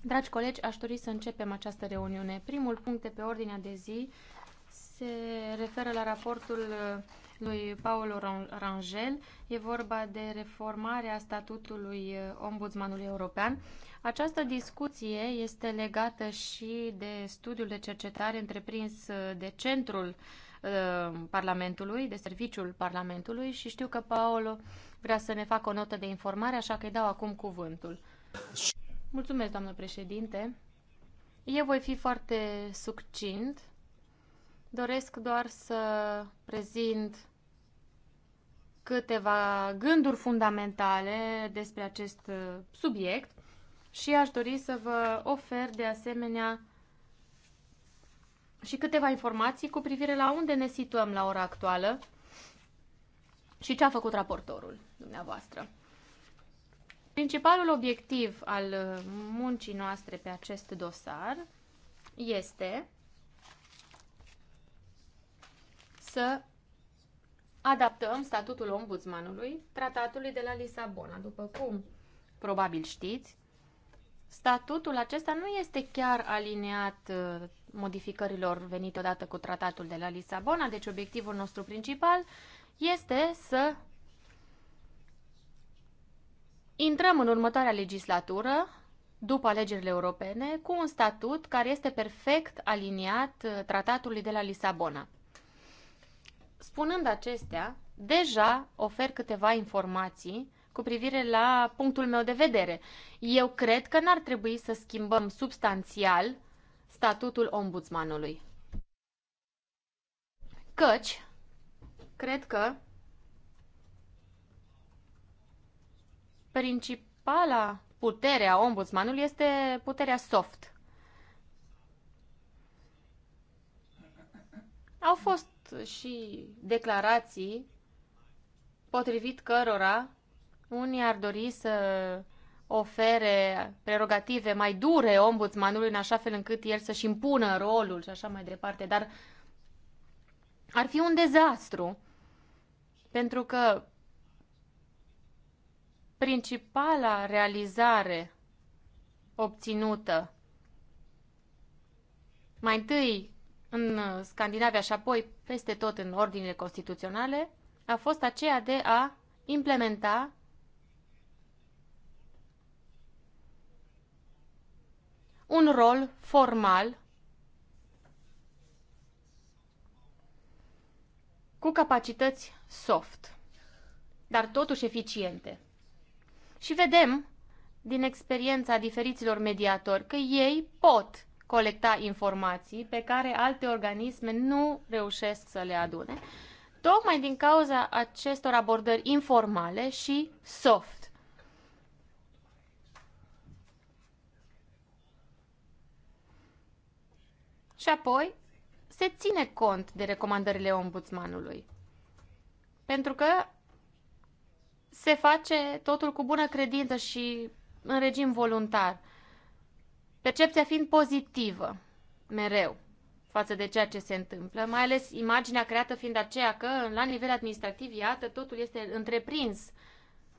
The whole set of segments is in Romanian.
Dragi colegi, aș dori să începem această reuniune. Primul punct de pe ordinea de zi se referă la raportul uh, lui Paolo Rangel. E vorba de reformarea statutului uh, ombudsmanului european. Această discuție este legată și de studiul de cercetare întreprins uh, de Centrul uh, Uh, Parlamentului, de serviciul Parlamentului și știu că Paolo vrea să ne facă o notă de informare, așa că îi dau acum cuvântul. Mulțumesc, doamnă președinte. Eu voi fi foarte succint. Doresc doar să prezint câteva gânduri fundamentale despre acest subiect și aș dori să vă ofer de asemenea și câteva informații cu privire la unde ne situăm la ora actuală și ce a făcut raportorul dumneavoastră. Principalul obiectiv al uh, muncii noastre pe acest dosar este să adaptăm statutul ombudsmanului tratatului de la Lisabona. După cum probabil știți, statutul acesta nu este chiar aliniat uh, modificărilor venite odată cu tratatul de la Lisabona. Deci obiectivul nostru principal este să intrăm în următoarea legislatură, după alegerile europene, cu un statut care este perfect aliniat uh, tratatului de la Lisabona. Spunând acestea, deja ofer câteva informații cu privire la punctul meu de vedere. Eu cred că n-ar trebui să schimbăm substanțial uh, statutul ombudsmanului. Căci, cred că principala putere a ombudsmanului este puterea soft. Au fost și declarații potrivit cărora unii ar dori să ofere prerogative mai dure ombudsmanului în așa fel încât el să-și impună rolul și așa mai departe, dar ar fi un dezastru. Pentru că principala realizare obținută mai întâi în Scandinavia și apoi peste tot în ordinile constituționale a fost aceea de a implementa un rol formal cu capacități soft, dar totuși eficiente. Și vedem din experiența diferiților mediatori că ei pot colecta informații pe care alte organisme nu reușesc să le adune, tocmai din cauza acestor abordări informale și soft. și apoi se ține cont de recomandările ombudsmanului. Pentru că se face totul cu bună credință și în regim voluntar, percepția fiind pozitivă, mereu, față de ceea ce se întâmplă, mai ales imaginea creată fiind aceea că, la nivel administrativ, iată, totul este întreprins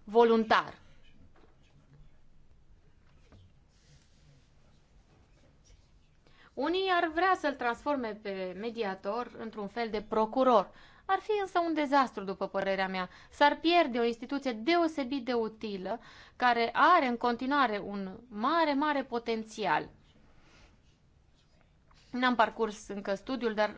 voluntar. Unii ar vrea să-l transforme pe mediator într-un fel de procuror. Ar fi însă un dezastru, după părerea mea. S-ar pierde o instituție deosebit de utilă, care are în continuare un mare, mare potențial. N-am parcurs încă studiul, dar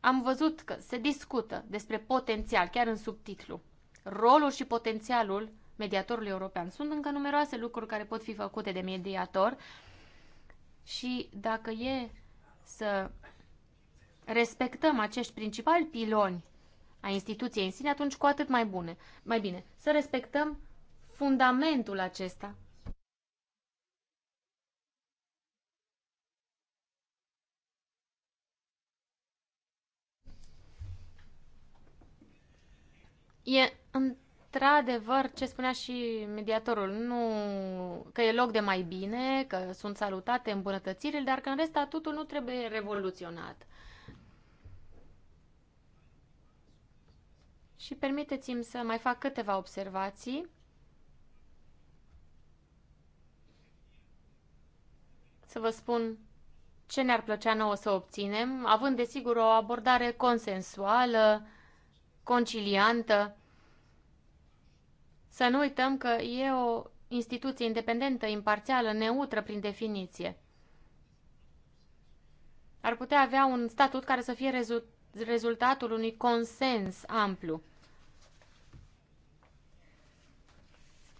am văzut că se discută despre potențial, chiar în subtitlu. Rolul și potențialul mediatorului european. Sunt încă numeroase lucruri care pot fi făcute de mediator, și dacă e să respectăm acești principali piloni a instituției în sine, atunci cu atât mai, bune, mai bine. Să respectăm fundamentul acesta. E într-adevăr, ce spunea și mediatorul, nu că e loc de mai bine, că sunt salutate îmbunătățirile, dar că în rest statutul nu trebuie revoluționat. Și permiteți-mi să mai fac câteva observații. Să vă spun ce ne-ar plăcea nouă să obținem, având desigur o abordare consensuală, conciliantă, să nu uităm că e o instituție independentă, imparțială, neutră prin definiție. Ar putea avea un statut care să fie rezu rezultatul unui consens amplu.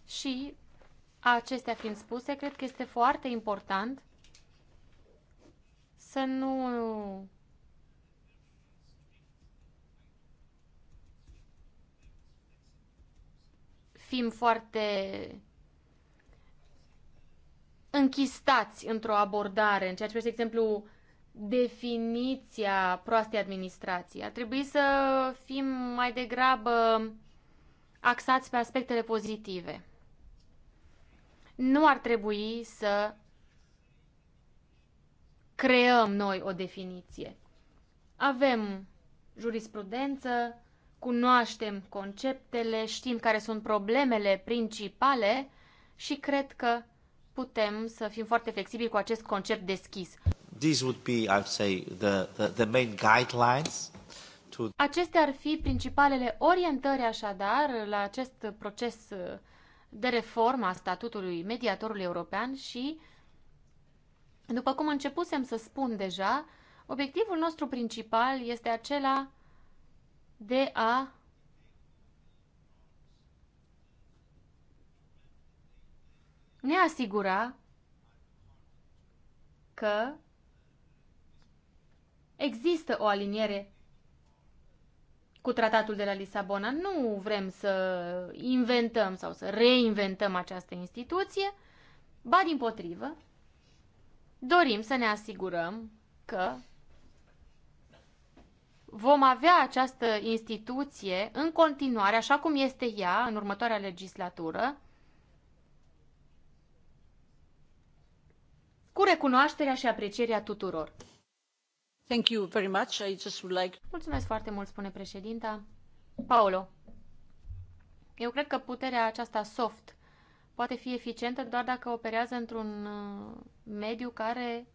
Și, acestea fiind spuse, cred că este foarte important să nu fim foarte închistați într-o abordare, în ceea ce privește, de exemplu, definiția proastei administrații. Ar trebui să fim mai degrabă axați pe aspectele pozitive. Nu ar trebui să creăm noi o definiție. Avem jurisprudență, cunoaștem conceptele, știm care sunt problemele principale și cred că putem să fim foarte flexibili cu acest concept deschis. These would be, say, the, the, the main guidelines to... Acestea ar fi principalele orientări, așadar, la acest proces de reformă a statutului mediatorului european și, după cum începusem să spun deja, obiectivul nostru principal este acela de a ne asigura că există o aliniere cu tratatul de la Lisabona. Nu vrem să inventăm sau să reinventăm această instituție, ba din potrivă, dorim să ne asigurăm că vom avea această instituție în continuare, așa cum este ea, în următoarea legislatură, cu recunoașterea și aprecierea tuturor. Thank you very much. I just would like... Mulțumesc foarte mult, spune președinta. Paolo, eu cred că puterea aceasta soft poate fi eficientă doar dacă operează într-un uh, mediu care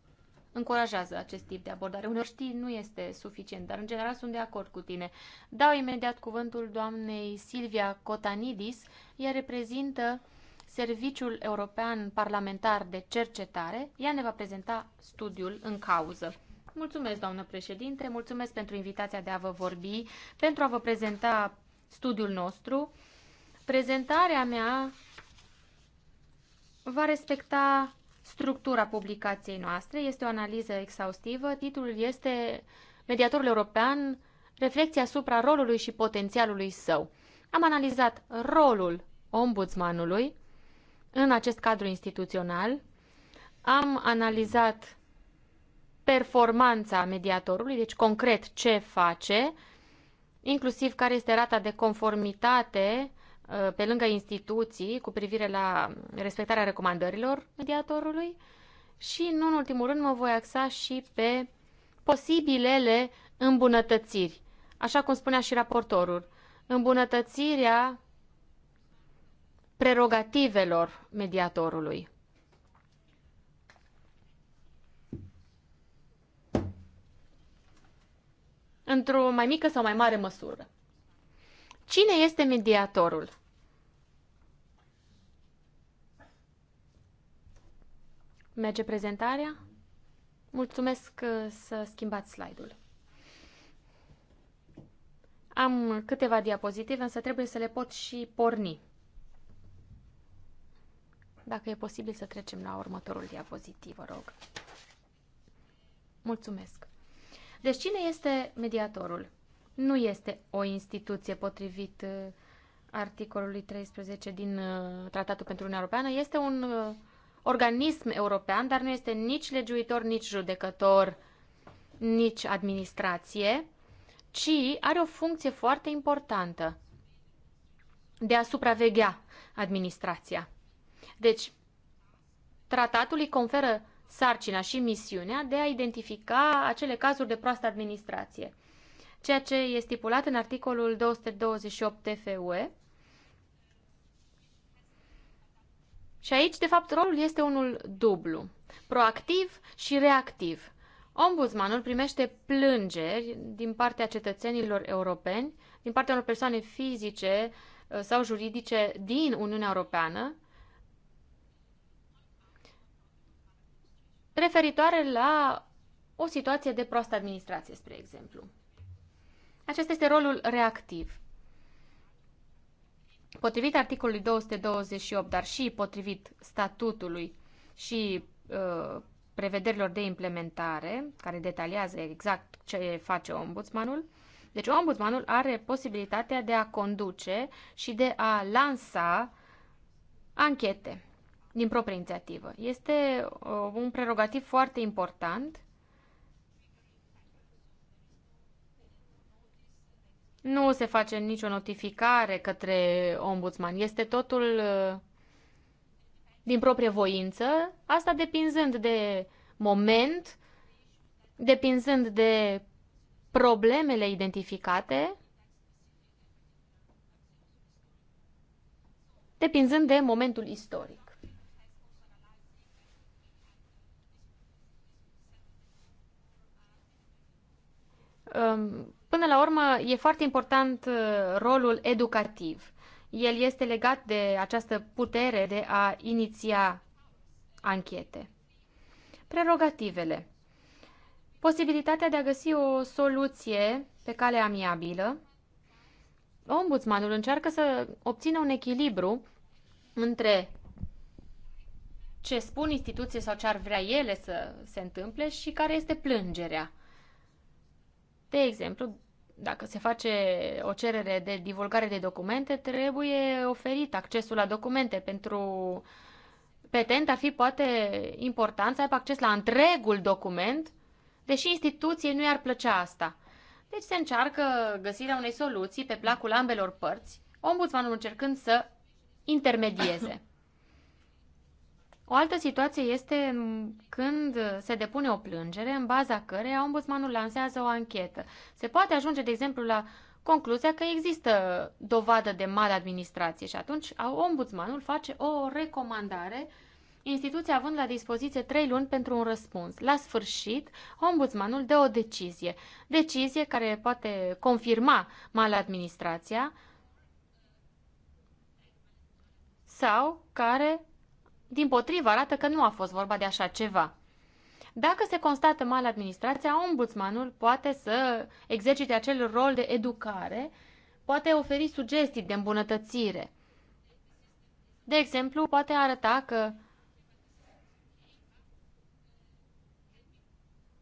încurajează acest tip de abordare. Unor știi, nu este suficient, dar în general sunt de acord cu tine. Dau imediat cuvântul doamnei Silvia Cotanidis. Ea reprezintă Serviciul European Parlamentar de Cercetare. Ea ne va prezenta studiul în cauză. Mulțumesc, doamnă președinte, mulțumesc pentru invitația de a vă vorbi, pentru a vă prezenta studiul nostru. Prezentarea mea va respecta Structura publicației noastre este o analiză exhaustivă. Titlul este Mediatorul European, reflecția asupra rolului și potențialului său. Am analizat rolul ombudsmanului în acest cadru instituțional, am analizat performanța mediatorului, deci concret ce face, inclusiv care este rata de conformitate Uh, pe lângă instituții cu privire la respectarea recomandărilor mediatorului și, nu în ultimul rând, mă voi axa și pe posibilele îmbunătățiri. Așa cum spunea și raportorul, îmbunătățirea prerogativelor mediatorului. Într-o mai mică sau mai mare măsură. Cine este mediatorul? Merge prezentarea? Mulțumesc uh, să schimbați slide-ul. Am câteva diapozitive, însă trebuie să le pot și porni. Dacă e posibil să trecem la următorul diapozitiv, vă rog. Mulțumesc. Deci cine este mediatorul? Nu este o instituție potrivit uh, articolului 13 din uh, Tratatul pentru Uniunea Europeană, este un organism european, dar nu este nici legiuitor, nici judecător, nici administrație, ci are o funcție foarte importantă de a supraveghea administrația. Deci, tratatul îi conferă sarcina și misiunea de a identifica acele cazuri de proastă administrație, ceea ce e stipulat în articolul 228 TFUE, Și aici, de fapt, rolul este unul dublu, proactiv și reactiv. Ombudsmanul primește plângeri din partea cetățenilor europeni, din partea unor persoane fizice uh, sau juridice din Uniunea Europeană, referitoare la o situație de proastă administrație, spre exemplu. Acesta este rolul reactiv. Potrivit articolului 228, dar și potrivit statutului și uh, prevederilor de implementare, care detaliază exact ce face ombudsmanul, deci ombudsmanul are posibilitatea de a conduce și de a lansa anchete din proprie inițiativă. Este uh, un prerogativ foarte important Nu se face nicio notificare către ombudsman. Este totul uh, din proprie voință, asta depinzând de moment, depinzând de problemele identificate, depinzând de momentul istoric. Um, Până la urmă, e foarte important uh, rolul educativ. El este legat de această putere de a iniția anchete. Prerogativele. Posibilitatea de a găsi o soluție pe cale amiabilă. Ombudsmanul încearcă să obțină un echilibru între ce spun instituție sau ce ar vrea ele să se întâmple și care este plângerea. De exemplu, dacă se face o cerere de divulgare de documente, trebuie oferit accesul la documente. Pentru petent ar fi poate important să aibă acces la întregul document, deși instituției nu i-ar plăcea asta. Deci se încearcă găsirea unei soluții pe placul ambelor părți, ombudsmanul încercând să intermedieze. O altă situație este când se depune o plângere în baza căreia ombudsmanul lansează o anchetă. Se poate ajunge, de exemplu, la concluzia că există dovadă de maladministrație și atunci ombudsmanul face o recomandare instituția având la dispoziție trei luni pentru un răspuns. La sfârșit, ombudsmanul dă o decizie. Decizie care poate confirma maladministrația sau care din potrivă, arată că nu a fost vorba de așa ceva. Dacă se constată mal administrația, ombudsmanul poate să exercite acel rol de educare, poate oferi sugestii de îmbunătățire. De exemplu, poate arăta că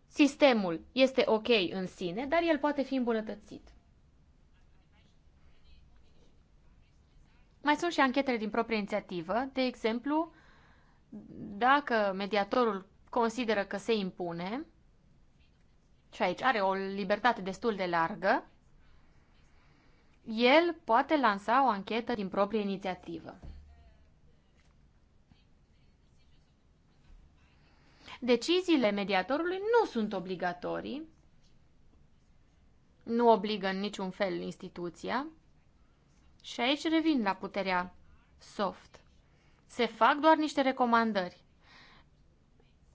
sistemul este ok în sine, dar el poate fi îmbunătățit. Mai sunt și anchetele din proprie inițiativă, de exemplu, dacă mediatorul consideră că se impune, și aici are o libertate destul de largă, el poate lansa o anchetă din proprie inițiativă. Deciziile mediatorului nu sunt obligatorii, nu obligă în niciun fel instituția și aici revin la puterea soft. Se fac doar niște recomandări.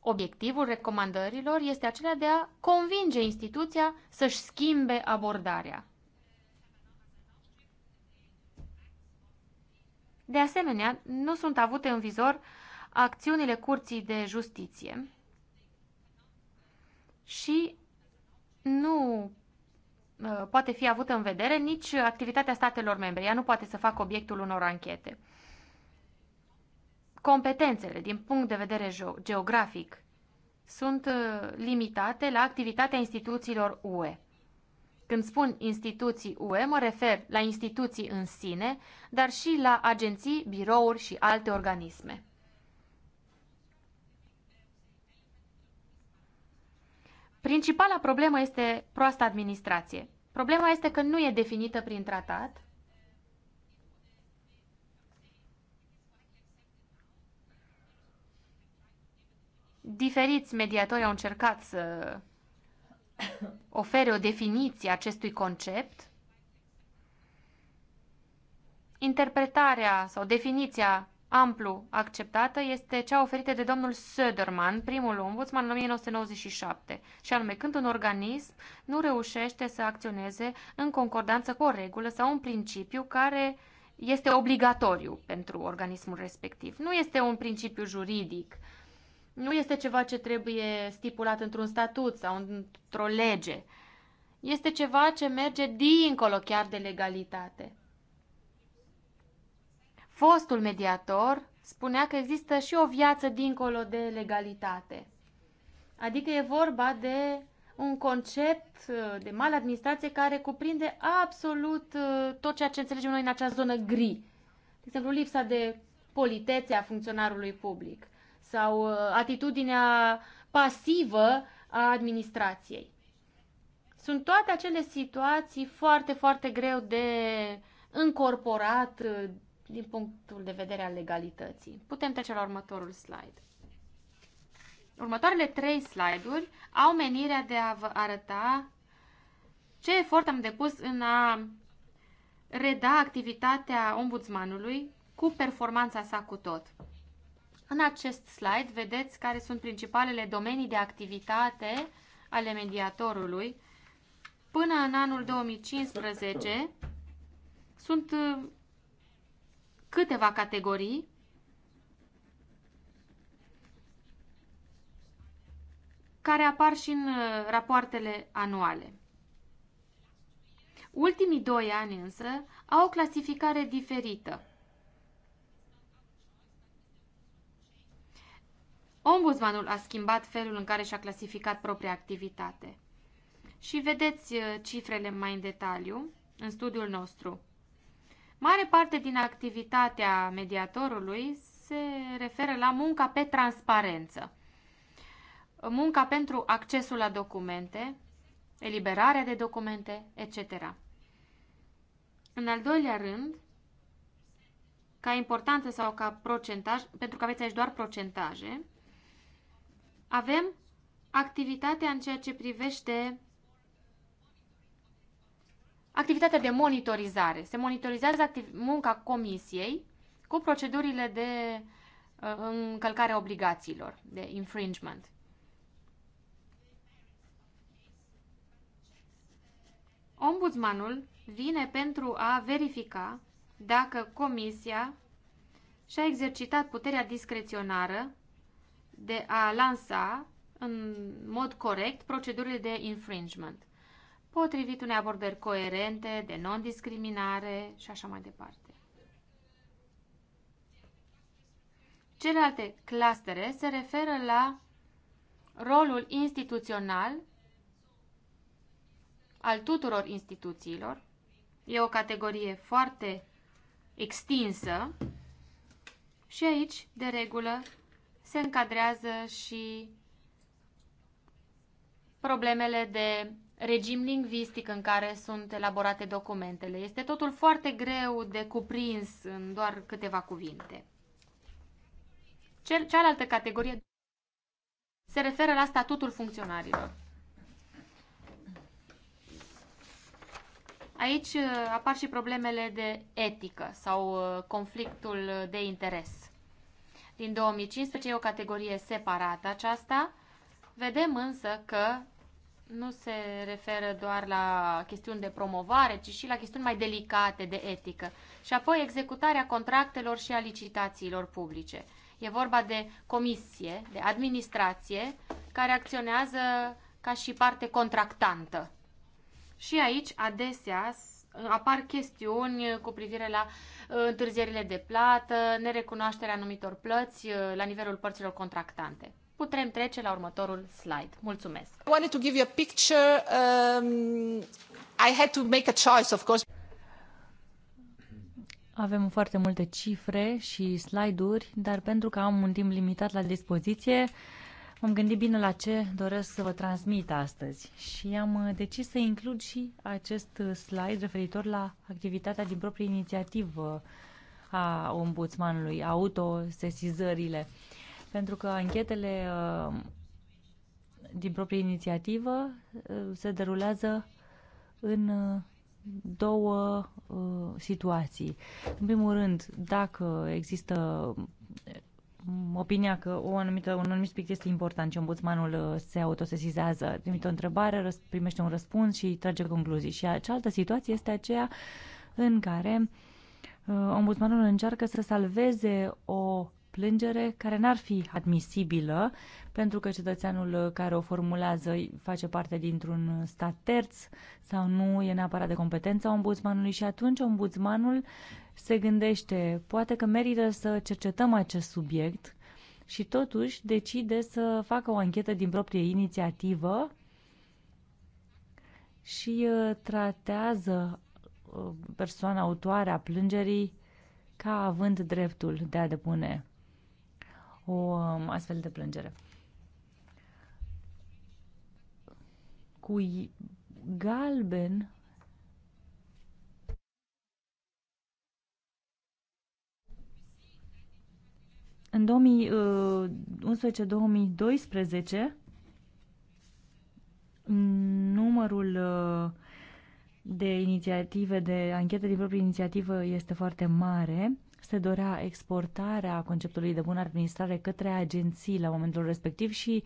Obiectivul recomandărilor este acela de a convinge instituția să-și schimbe abordarea. De asemenea, nu sunt avute în vizor acțiunile Curții de Justiție și nu uh, poate fi avută în vedere nici activitatea statelor membre. Ea nu poate să facă obiectul unor anchete competențele din punct de vedere geografic sunt uh, limitate la activitatea instituțiilor UE. Când spun instituții UE, mă refer la instituții în sine, dar și la agenții, birouri și alte organisme. Principala problemă este proasta administrație. Problema este că nu e definită prin tratat Diferiți mediatori au încercat să ofere o definiție acestui concept. Interpretarea sau definiția amplu acceptată este cea oferită de domnul Söderman, primul ombudsman în 1997, și anume când un organism nu reușește să acționeze în concordanță cu o regulă sau un principiu care este obligatoriu pentru organismul respectiv. Nu este un principiu juridic nu este ceva ce trebuie stipulat într-un statut sau într-o lege. Este ceva ce merge dincolo chiar de legalitate. Fostul mediator spunea că există și o viață dincolo de legalitate. Adică e vorba de un concept de maladministrație care cuprinde absolut uh, tot ceea ce înțelegem noi în acea zonă gri. De exemplu, lipsa de politețe a funcționarului public sau uh, atitudinea pasivă a administrației. Sunt toate acele situații foarte, foarte greu de încorporat uh, din punctul de vedere al legalității. Putem trece la următorul slide. Următoarele trei slide-uri au menirea de a vă arăta ce efort am depus în a reda activitatea ombudsmanului cu performanța sa cu tot. În acest slide vedeți care sunt principalele domenii de activitate ale mediatorului. Până în anul 2015 sunt uh, câteva categorii care apar și în uh, rapoartele anuale. Ultimii doi ani însă au o clasificare diferită. Ombudsmanul a schimbat felul în care și-a clasificat propria activitate. Și vedeți uh, cifrele mai în detaliu în studiul nostru. Mare parte din activitatea mediatorului se referă la munca pe transparență. Munca pentru accesul la documente, eliberarea de documente, etc. În al doilea rând, ca importanță sau ca procentaj, pentru că aveți aici doar procentaje, avem activitatea în ceea ce privește activitatea de monitorizare. Se monitorizează munca comisiei cu procedurile de uh, încălcare obligațiilor, de infringement. Ombudsmanul vine pentru a verifica dacă comisia și-a exercitat puterea discreționară de a lansa în mod corect procedurile de infringement, potrivit unei abordări coerente, de non-discriminare și așa mai departe. Celelalte clustere se referă la rolul instituțional al tuturor instituțiilor. E o categorie foarte extinsă și aici, de regulă, se încadrează și problemele de regim lingvistic în care sunt elaborate documentele. Este totul foarte greu de cuprins în doar câteva cuvinte. Cealaltă categorie se referă la statutul funcționarilor. Aici uh, apar și problemele de etică sau uh, conflictul de interes din 2015, e o categorie separată aceasta. Vedem însă că nu se referă doar la chestiuni de promovare, ci și la chestiuni mai delicate de etică. Și apoi executarea contractelor și a licitațiilor publice. E vorba de comisie, de administrație, care acționează ca și parte contractantă. Și aici, adesea, apar chestiuni cu privire la întârzierile de plată, nerecunoașterea anumitor plăți uh, la nivelul părților contractante. Putem trece la următorul slide. Mulțumesc. I wanted to give you a picture. Um, I had to make a choice, of course. Avem foarte multe cifre și slide-uri, dar pentru că am un timp limitat la dispoziție, M-am gândit bine la ce doresc să vă transmit astăzi și am uh, decis să includ și acest uh, slide referitor la activitatea din proprie inițiativă uh, a ombudsmanului, autosesizările, pentru că anchetele din proprie inițiativă se derulează în două situații. În primul rând, dacă există opinia că o anumită, un anumit subiect este important și ombudsmanul uh, se autosesizează, trimite o întrebare, primește un răspuns și trage concluzii. Și cealaltă situație este aceea în care uh, ombudsmanul încearcă să salveze o plângere care n-ar fi admisibilă pentru că cetățeanul uh, care o formulează face parte dintr-un stat terț sau nu e neapărat de competența ombudsmanului și atunci ombudsmanul se gândește, poate că merită să cercetăm acest subiect și totuși decide să facă o anchetă din proprie inițiativă și uh, tratează uh, persoana autoare a plângerii ca având dreptul de a depune o um, astfel de plângere. Cu galben În 2011-2012, uh, uh, numărul uh, de inițiative, de anchete din proprie inițiativă este foarte mare. Se dorea exportarea conceptului de bună administrare către agenții la momentul respectiv și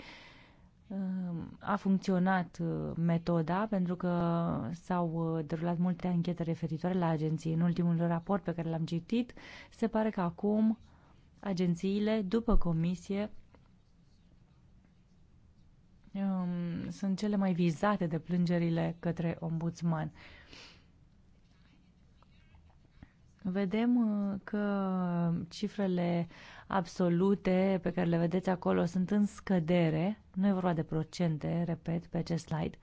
a funcționat metoda pentru că s-au derulat multe anchete referitoare la agenții. În ultimul raport pe care l-am citit, se pare că acum agențiile, după comisie, um, sunt cele mai vizate de plângerile către ombudsman. Vedem uh, că cifrele absolute pe care le vedeți acolo sunt în scădere. Nu e vorba de procente, repet, pe acest slide.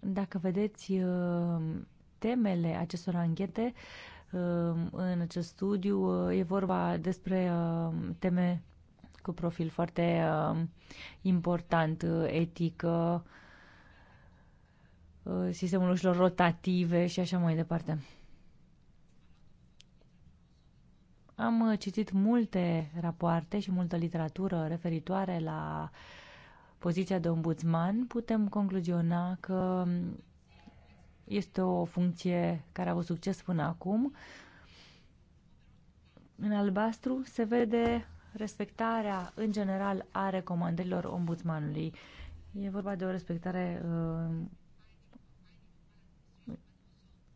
Dacă vedeți uh, temele acestor anchete, Um, în acest studiu. Uh, e vorba despre um, teme cu profil foarte um, important, uh, etică, uh, sistemul ușilor rotative și așa mai departe. Am citit multe rapoarte și multă literatură referitoare la poziția de ombudsman. Putem concluziona că este o funcție care a avut succes până acum. În albastru se vede respectarea, în general, a recomandărilor ombudsmanului. E vorba de o respectare uh,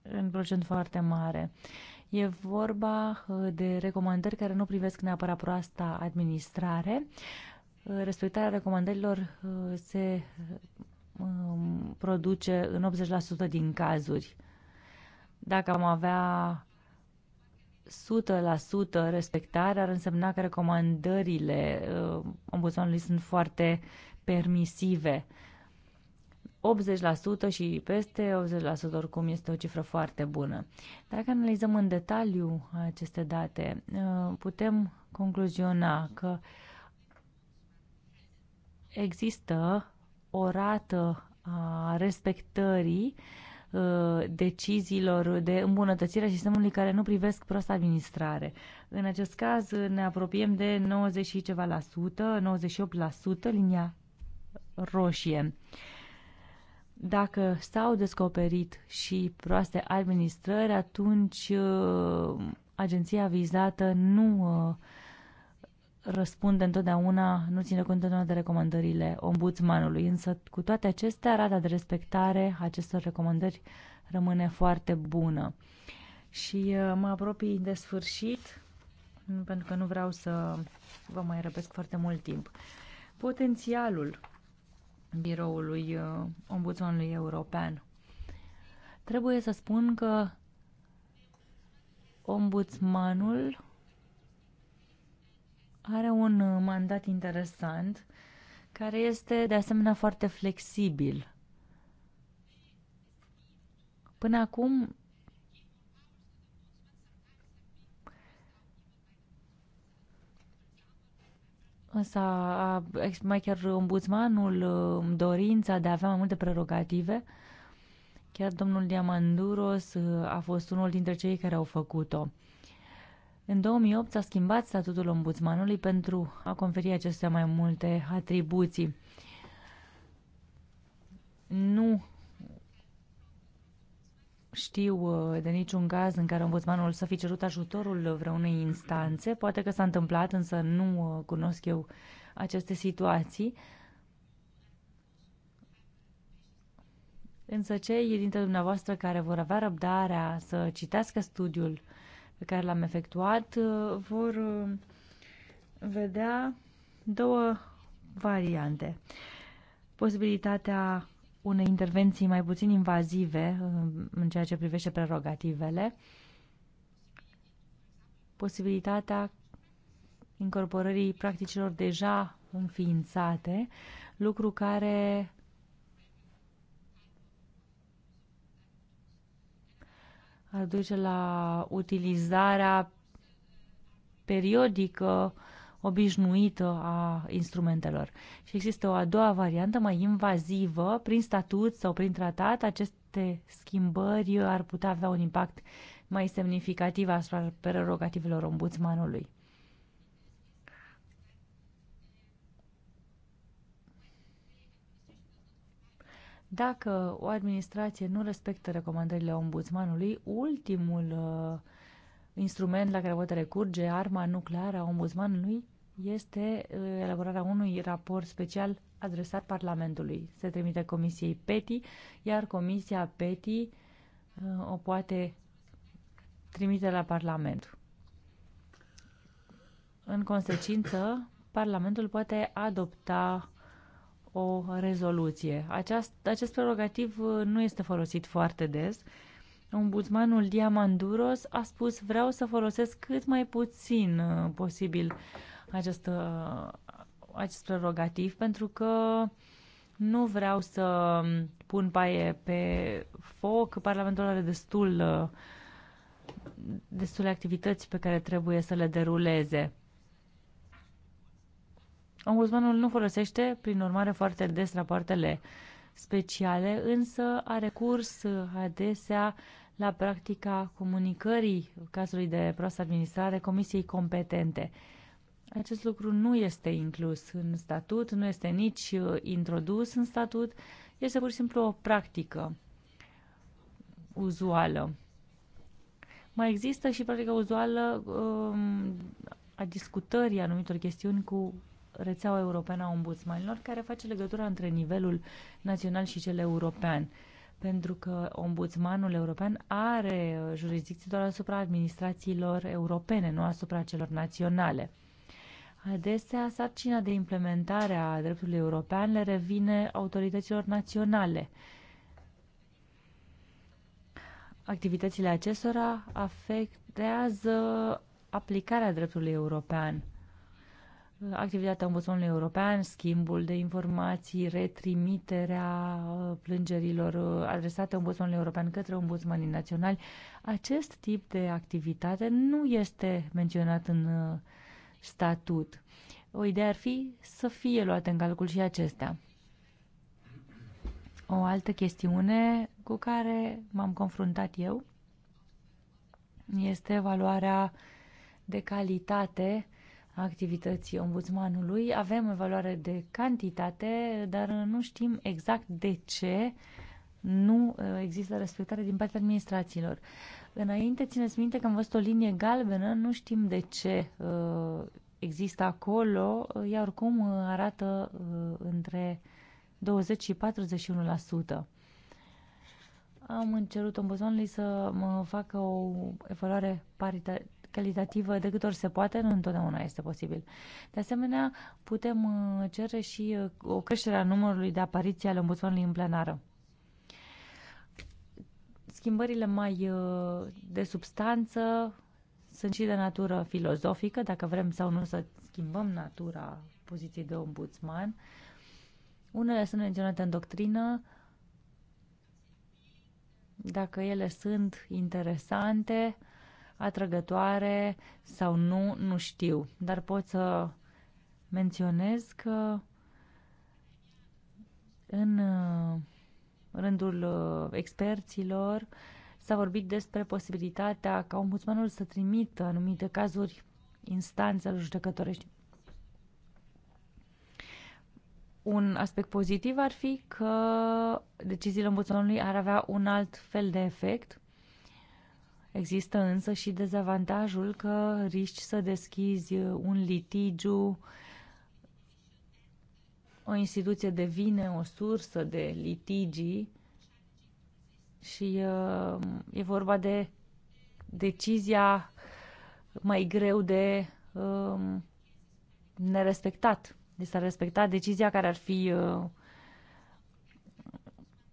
în procent foarte mare. E vorba uh, de recomandări care nu privesc neapărat proasta administrare. Uh, respectarea recomandărilor uh, se Um, produce în 80% din cazuri. Dacă am avea 100% respectare, ar însemna că recomandările uh, ombudsmanului sunt foarte permisive. 80% și peste 80% oricum este o cifră foarte bună. Dacă analizăm în detaliu aceste date, uh, putem concluziona că există o rată a respectării uh, deciziilor de îmbunătățire a sistemului care nu privesc prost administrare. În acest caz ne apropiem de 90 și ceva la sută, 98% linia roșie. Dacă s-au descoperit și proaste administrări, atunci uh, agenția vizată nu uh, răspunde întotdeauna, nu ține cont întotdeauna de recomandările ombudsmanului, însă cu toate acestea, rata de respectare a acestor recomandări rămâne foarte bună. Și uh, mă apropii de sfârșit, pentru că nu vreau să vă mai răpesc foarte mult timp. Potențialul biroului uh, ombudsmanului european. Trebuie să spun că ombudsmanul are un uh, mandat interesant care este de asemenea foarte flexibil. Până acum Însă a, mai chiar ombudsmanul uh, dorința de a avea mai multe prerogative. Chiar domnul Diamanduros uh, a fost unul dintre cei care au făcut-o. În 2008 s-a schimbat statutul ombudsmanului pentru a conferi acestea mai multe atribuții. Nu știu uh, de niciun caz în care ombudsmanul să fi cerut ajutorul vreunei instanțe. Poate că s-a întâmplat, însă nu uh, cunosc eu aceste situații. Însă cei dintre dumneavoastră care vor avea răbdarea să citească studiul uh, pe care l-am efectuat uh, vor uh, vedea două variante. Posibilitatea unei intervenții mai puțin invazive uh, în ceea ce privește prerogativele, posibilitatea incorporării practicilor deja înființate, lucru care ar duce la utilizarea periodică obișnuită a instrumentelor. Și există o a doua variantă mai invazivă, prin statut sau prin tratat, aceste schimbări ar putea avea un impact mai semnificativ asupra prerogativelor ombudsmanului. Dacă o administrație nu respectă recomandările ombudsmanului, ultimul uh, instrument la care poate recurge arma nucleară a ombudsmanului este uh, elaborarea unui raport special adresat Parlamentului. Se trimite Comisiei PETI, iar Comisia PETI uh, o poate trimite la Parlament. În consecință, Parlamentul poate adopta o rezoluție. Aceast, acest prerogativ uh, nu este folosit foarte des. Ombudsmanul Diamanduros a spus vreau să folosesc cât mai puțin uh, posibil acest, uh, acest prerogativ pentru că nu vreau să um, pun paie pe foc. Parlamentul are destul, destule activități pe care trebuie să le deruleze. Ombudsmanul nu folosește, prin urmare, foarte des rapoartele speciale, însă a recurs adesea la practica comunicării cazului de proastă administrare comisiei competente. Acest lucru nu este inclus în statut, nu este nici uh, introdus în statut, este pur și simplu o practică uzuală. Mai există și practica uzuală um, a discutării anumitor chestiuni cu rețeaua europeană a ombudsmanilor, care face legătura între nivelul național și cel european. Pentru că ombudsmanul european are jurisdicție doar asupra administrațiilor europene, nu asupra celor naționale. Adesea, sarcina de implementare a dreptului european le revine autorităților naționale. Activitățile acestora afectează aplicarea dreptului european activitatea Ombudsmanului European, schimbul de informații, retrimiterea uh, plângerilor uh, adresate Ombudsmanului European către Ombudsmanii Naționali. Acest tip de activitate nu este menționat în uh, statut. O idee ar fi să fie luate în calcul și acestea. O altă chestiune cu care m-am confruntat eu este evaluarea de calitate uh, activității ombudsmanului. Avem evaluare de cantitate, dar nu știm exact de ce nu uh, există respectare din partea administrațiilor. Înainte, țineți minte că am văzut o linie galbenă, nu știm de ce uh, există acolo, ea uh, oricum arată între 20 și 41%. Am încerut ombudsmanului să mă facă o evaluare paritativă calitativă de câte ori se poate, nu întotdeauna este posibil. De asemenea, putem uh, cere și uh, o creștere a numărului de apariții ale ombudsmanului în plenară. Schimbările mai uh, de substanță sunt și de natură filozofică, dacă vrem sau nu să schimbăm natura poziției de ombudsman. Unele sunt menționate în doctrină, dacă ele sunt interesante, atrăgătoare sau nu, nu știu. Dar pot să menționez că în uh, rândul uh, experților s-a vorbit despre posibilitatea ca ombudsmanul să trimită anumite cazuri instanțelor judecătorești. Un aspect pozitiv ar fi că deciziile ombudsmanului ar avea un alt fel de efect Există însă și dezavantajul că riști să deschizi un litigiu, o instituție devine o sursă de litigii și uh, e vorba de decizia mai greu de uh, nerespectat. De s-ar respecta decizia care ar fi uh,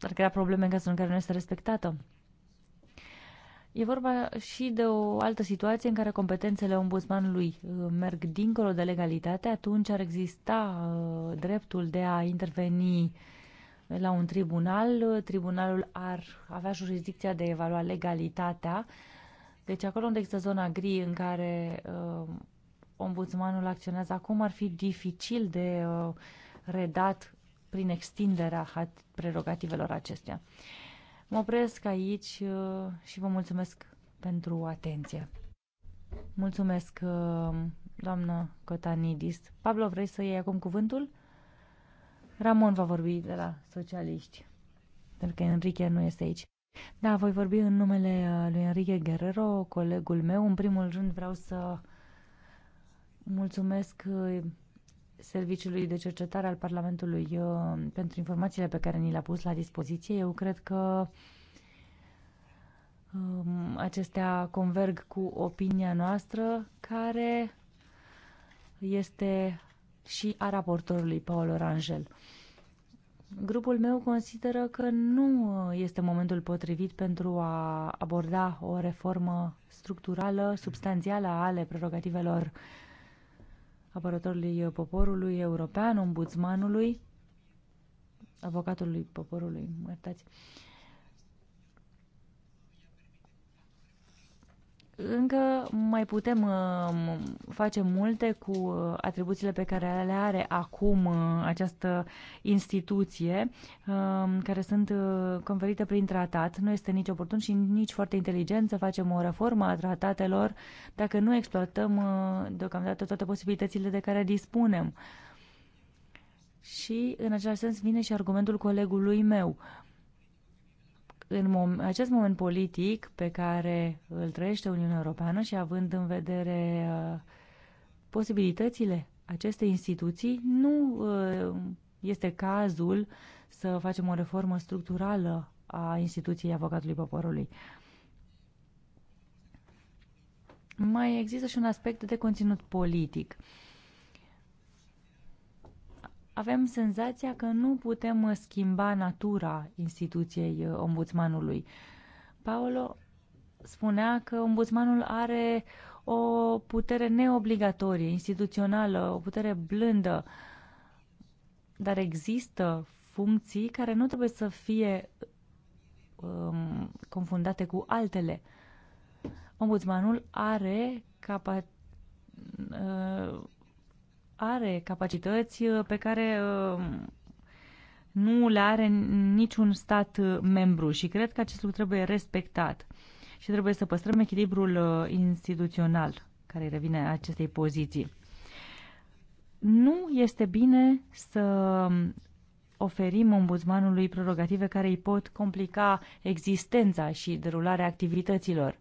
ar crea probleme în cazul în care nu este respectată. E vorba și de o altă situație în care competențele ombudsmanului uh, merg dincolo de legalitate, atunci ar exista uh, dreptul de a interveni la un tribunal, tribunalul ar avea jurisdicția de a evalua legalitatea, deci acolo unde există zona gri în care uh, ombudsmanul acționează acum ar fi dificil de uh, redat prin extinderea prerogativelor acestea. Uh, Mă opresc aici uh, și vă mulțumesc pentru atenție. Mulțumesc, uh, doamnă Cotanidis. Pablo, vrei să iei acum cuvântul? Ramon va vorbi de la socialiști, pentru că Enrique nu este aici. Da, voi vorbi în numele uh, lui Enrique Guerrero, colegul meu. În primul rând vreau să mulțumesc Serviciului de Cercetare al Parlamentului uh, pentru informațiile pe care ni le-a pus la dispoziție. Eu cred că um, acestea converg cu opinia noastră, care este și a raportorului Paul Orangel. Grupul meu consideră că nu este momentul potrivit pentru a aborda o reformă structurală, substanțială ale prerogativelor uh, apărătorului poporului european, ombudsmanului, avocatului poporului, mă iertați. Uh, Încă mai putem uh, face multe cu uh, atribuțiile pe care le are acum uh, această instituție, um, care sunt conferite prin tratat. Nu este nici oportun și nici foarte inteligent să facem o reformă a tratatelor dacă nu exploatăm deocamdată toate posibilitățile de care dispunem. Și, în același sens, vine și argumentul colegului meu în acest moment politic pe care îl trăiește Uniunea Europeană și având în vedere uh, posibilitățile acestei instituții, nu uh, este cazul să facem o reformă structurală a instituției avocatului poporului. Mai există și un aspect de conținut politic. Uh, avem senzația că nu putem uh, schimba natura instituției uh, ombudsmanului. Paolo spunea că ombudsmanul are o putere neobligatorie, instituțională, o putere blândă, dar există funcții care nu trebuie să fie um, confundate cu altele. Ombudsmanul are capacitatea uh, are capacități uh, pe care uh, nu le are niciun stat uh, membru și cred că acest lucru trebuie respectat și trebuie să păstrăm echilibrul instituțional care revine acestei poziții. Nu este bine să oferim ombudsmanului prerogative care îi pot complica existența și derularea activităților.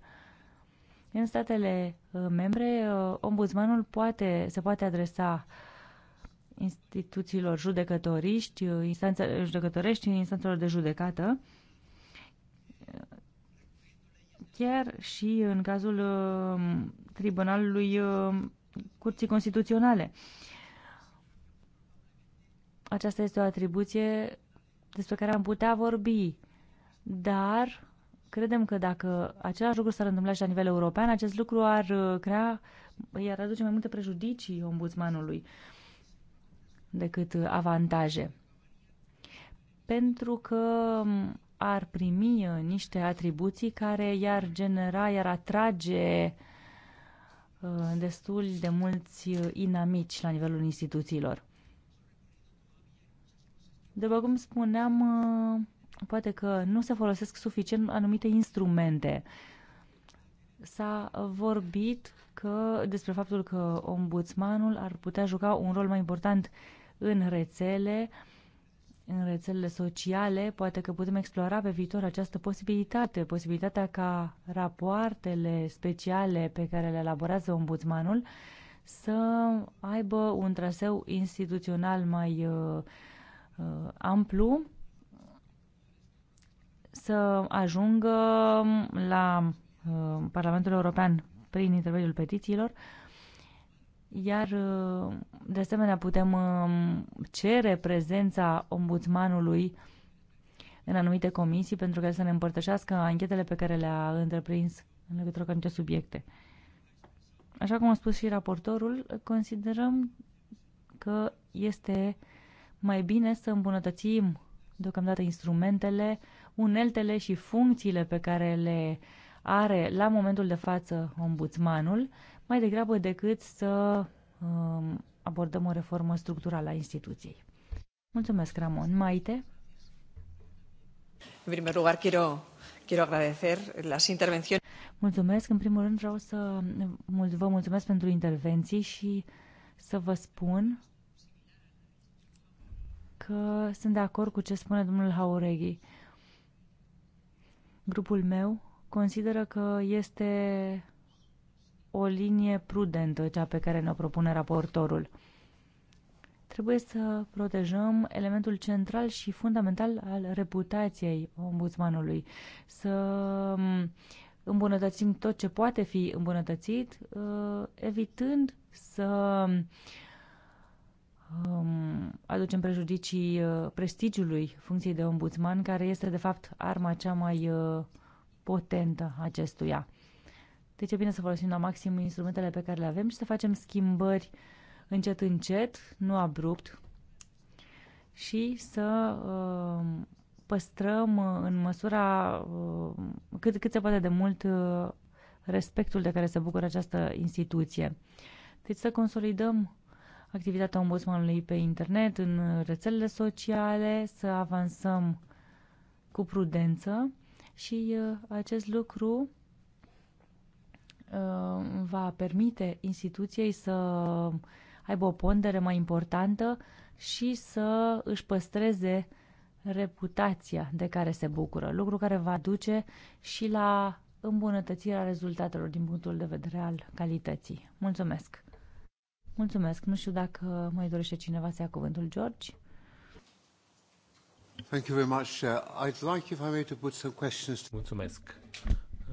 În statele uh, membre, uh, ombudsmanul poate, se poate adresa instituțiilor judecătoriști, uh, instanțe, judecătorești, instanțelor de judecată, chiar și în cazul tribunalului Curții Constituționale. Aceasta este o atribuție despre care am putea vorbi, dar Credem că dacă același lucru s-ar întâmpla și la nivel european, acest lucru ar uh, crea, i-ar aduce mai multe prejudicii ombudsmanului decât uh, avantaje. Pentru că um, ar primi uh, niște atribuții care i-ar genera, i-ar atrage destul de mulți inamici la nivelul instituțiilor. După cum spuneam, poate că nu se folosesc suficient anumite instrumente. S-a vorbit că, despre faptul că ombudsmanul ar putea juca un rol mai important în rețele, în rețelele sociale, poate că putem explora pe viitor această posibilitate, posibilitatea ca rapoartele speciale pe care le elaborează ombudsmanul să aibă un traseu instituțional mai uh, uh amplu să ajungă la uh, Parlamentul European prin intermediul petițiilor, iar uh, de asemenea putem um, cere prezența ombudsmanului în anumite comisii pentru că să ne împărtășească anchetele pe care le-a întreprins în legătură cu anumite subiecte. Așa cum a spus și raportorul, considerăm că este mai bine să îmbunătățim deocamdată instrumentele uh, uneltele și funcțiile pe care le are la momentul de față ombudsmanul, mai degrabă decât să um, abordăm o reformă structurală a instituției. Mulțumesc, Ramon. Maite? În primul rând, quiero, quiero agradecer las intervenciones. Mulțumesc. În primul rând vreau să vă mulțumesc pentru intervenții și să vă spun că sunt de acord cu ce spune domnul Haureghi. Grupul meu consideră că este o linie prudentă cea pe care ne-o propune raportorul. Trebuie să protejăm elementul central și fundamental al reputației ombudsmanului, să mm, îmbunătățim tot ce poate fi îmbunătățit, uh, evitând să mm, aducem prejudicii uh, prestigiului funcției de ombudsman, care este, de fapt, arma cea mai uh, potentă acestuia. Deci e bine să folosim la maxim instrumentele pe care le avem și să facem schimbări încet, încet, nu abrupt și să uh, păstrăm în măsura cât, cât se poate de mult respectul de care se bucură această instituție. Deci să consolidăm activitatea ombudsmanului pe internet, în rețelele sociale, să avansăm cu prudență și uh, acest lucru uh, va permite instituției să aibă o pondere mai importantă și să își păstreze reputația de care se bucură, lucru care va duce și la îmbunătățirea rezultatelor din punctul de vedere al calității. Mulțumesc! Mulțumesc. Nu știu dacă mai dorește cineva să ia cuvântul, George. Thank you very much. I'd like, if I may, to put some questions. Mulțumesc.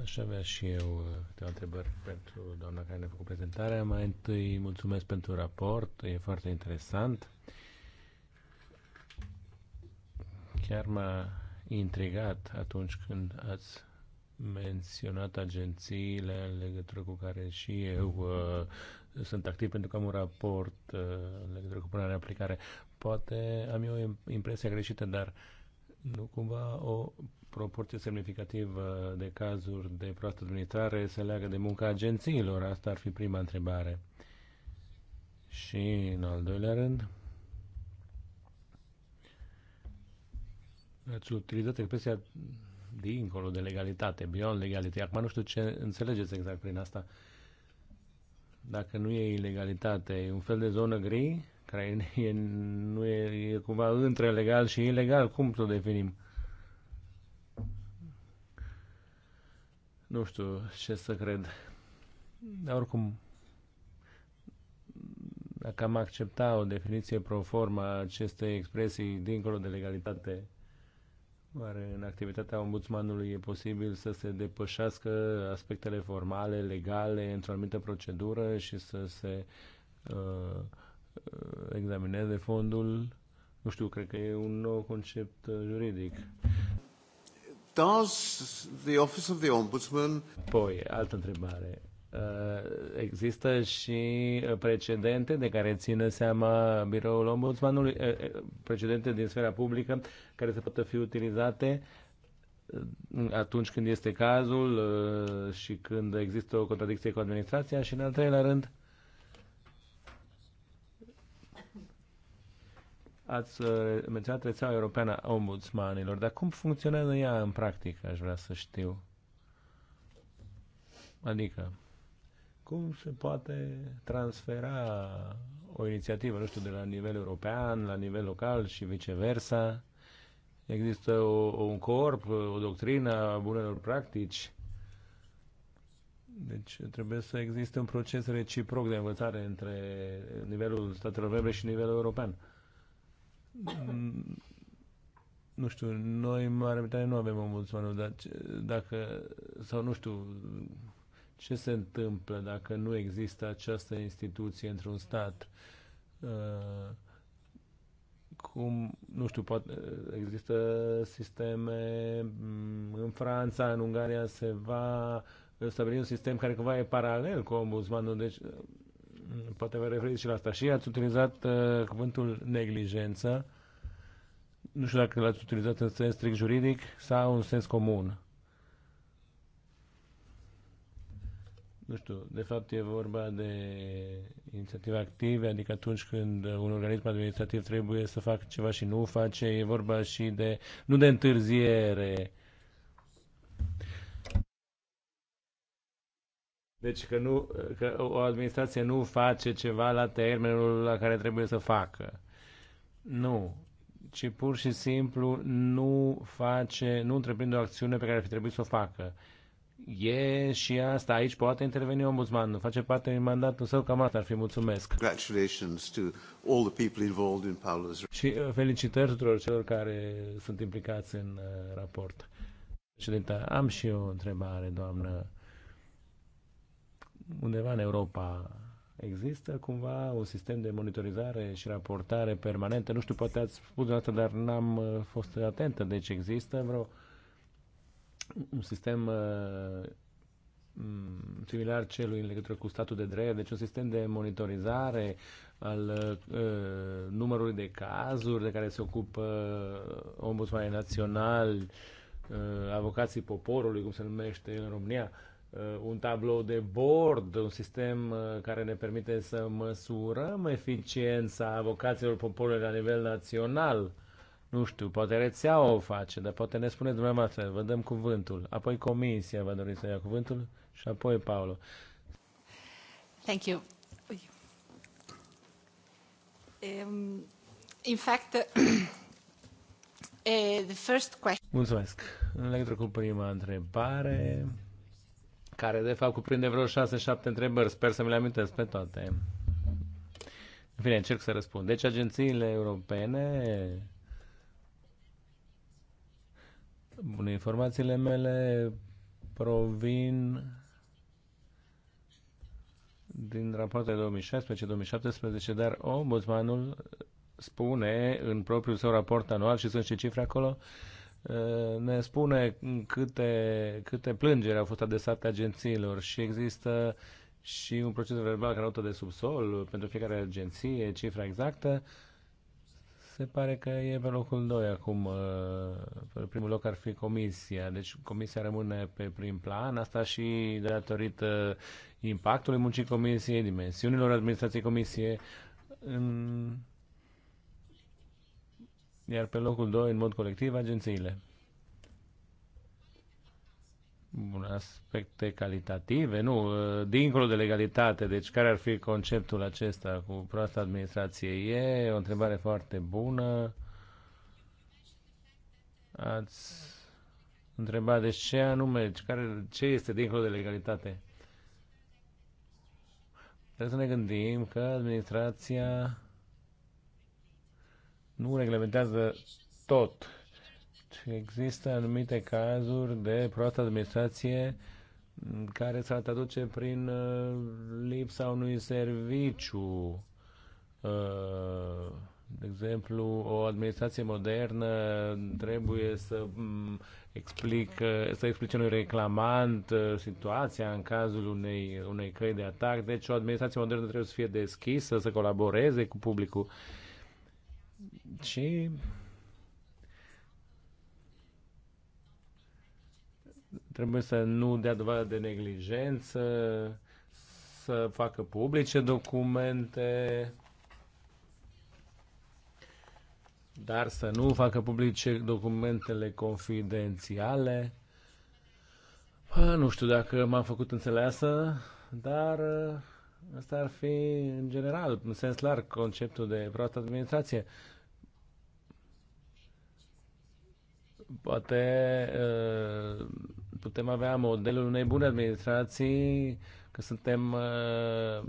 Aș avea și eu uh, câteva întrebări pentru doamna care ne-a făcut prezentarea. Mai întâi mulțumesc pentru raport, e foarte interesant. Chiar m-a intrigat atunci când ați menționat agențiile în legătură cu care și eu uh, sunt activ pentru că am un raport uh, legătură cu punerea în aplicare. Poate am eu impresia greșită, dar nu cumva o proporție semnificativă de cazuri de proastă administrare se leagă de munca agențiilor? Asta ar fi prima întrebare. Și în al doilea rând, ați utilizat expresia dincolo de legalitate, beyond legalitate. Acum nu știu ce înțelegeți exact prin asta. Uh, dacă nu e ilegalitate, e un fel de zonă gri, care e, nu e, e cumva între legal și ilegal, cum să o definim? Nu știu ce să cred. Dar oricum, dacă am accepta o definiție proformă a acestei expresii dincolo de legalitate, Oare în activitatea ombudsmanului e posibil să se depășească aspectele formale, legale, într-o anumită procedură și să se uh, examineze fondul? Nu știu, cred că e un nou concept uh, juridic. Does the Office of the Ombudsman... Poi, altă întrebare. Eh, există și eh, precedente de care ține seama biroul ombudsmanului, eh, precedente din sfera publică care se pot fi utilizate atunci când este cazul și când există o contradicție cu administrația și în al treilea rând ați menționat rețeaua europeană a ombudsmanilor, dar cum funcționează ea în practică, aș vrea să știu. Adică, cum se poate transfera o inițiativă, nu știu, de la nivel european, la nivel local și viceversa. Există o, un corp, o doctrină a bunelor practici. Deci trebuie să existe un proces reciproc de învățare între nivelul statelor membre și nivelul european. Nu știu, noi în Marea Britanie nu avem mulțumă, dar dacă, sau nu știu, ce se întâmplă dacă nu există această instituție într-un stat. Uh, cum, nu știu, poate, uh, există sisteme mm, în Franța, în Ungaria se va stabili un sistem care cumva e paralel cu ombudsmanul, deci uh, poate vă referiți și la asta. Și ați utilizat cuvântul neglijență. Nu știu dacă l-ați utilizat în sens strict juridic sau în sens comun. nu știu, de fapt e vorba de inițiative active, adică atunci când un organism administrativ trebuie să facă ceva și nu face, e vorba și de, nu de întârziere. Deci că, nu, că o administrație nu face ceva la termenul la care trebuie să facă. Nu, ci pur și simplu nu face, nu întreprinde o acțiune pe care ar fi trebuit să o facă. E și asta, aici poate interveni ombudsmanul, face parte din mandatul său, cam asta ar fi, mulțumesc. Congratulations to all the people involved in Paolo's... Și uh, felicitări tuturor celor care sunt implicați în uh, raport. Președinte, am și eu o întrebare, doamnă. Undeva în Europa există cumva un sistem de monitorizare și raportare permanentă? Nu știu, poate ați spus asta, dar n-am uh, fost atentă. Deci există vreo un sistem uh, mm, similar celui în legătură cu statul de drept, deci un sistem de monitorizare al uh, numărului de cazuri de care se ocupă ombudsmanul național, uh, avocații poporului, cum se numește în România, uh, un tablou de bord, un sistem uh, care ne permite să măsurăm eficiența avocaților poporului la nivel național nu știu, poate rețeaua o face, dar poate ne spune dumneavoastră, vă dăm cuvântul, apoi comisia va dori să ia cuvântul și apoi Paolo. Thank you. Um, in fact, uh, eh, the first question... Mulțumesc. În legătură cu prima întrebare, care de fapt cuprinde vreo 6-7 întrebări, sper să mi le amintesc pe toate. În fine, încerc să răspund. Deci, agențiile europene Bun, informațiile mele provin din rapoartele 2016-2017, dar ombudsmanul spune în propriul său raport anual, și sunt și cifre acolo, eh, ne spune câte, câte plângeri au fost adresate agențiilor și există și un proces verbal care notă de subsol pentru fiecare agenție, cifra exactă. Se pare că e pe locul 2 acum. Uh, pe primul loc ar fi comisia. Deci comisia rămâne pe prim plan. Asta și datorită impactului muncii comisiei, dimensiunilor administrației comisie. În... Iar pe locul 2, în mod colectiv, agențiile. Bun, aspecte calitative, nu, dincolo de legalitate, deci care ar fi conceptul acesta cu proasta administrație? E o întrebare foarte bună. Ați întrebat de deci, ce anume, care, ce este dincolo de legalitate? Trebuie să ne gândim că administrația nu reglementează tot există anumite cazuri de proastă administrație care s-ar traduce prin uh, lipsa unui serviciu. Uh, de exemplu, o administrație modernă trebuie să mm, explică, uh, să explice unui reclamant situația în cazul unei, unei căi de atac. Deci o administrație modernă trebuie să fie deschisă, să colaboreze cu publicul. Și trebuie să nu dea dovadă de neglijență, să facă publice documente, dar să nu facă publice documentele confidențiale. Pă, nu știu dacă m-am făcut înțeleasă, dar uh, asta ar fi în general, în sens larg, conceptul de proastă administrație. Poate eh, putem avea modelul unei bune administrații, că suntem eh,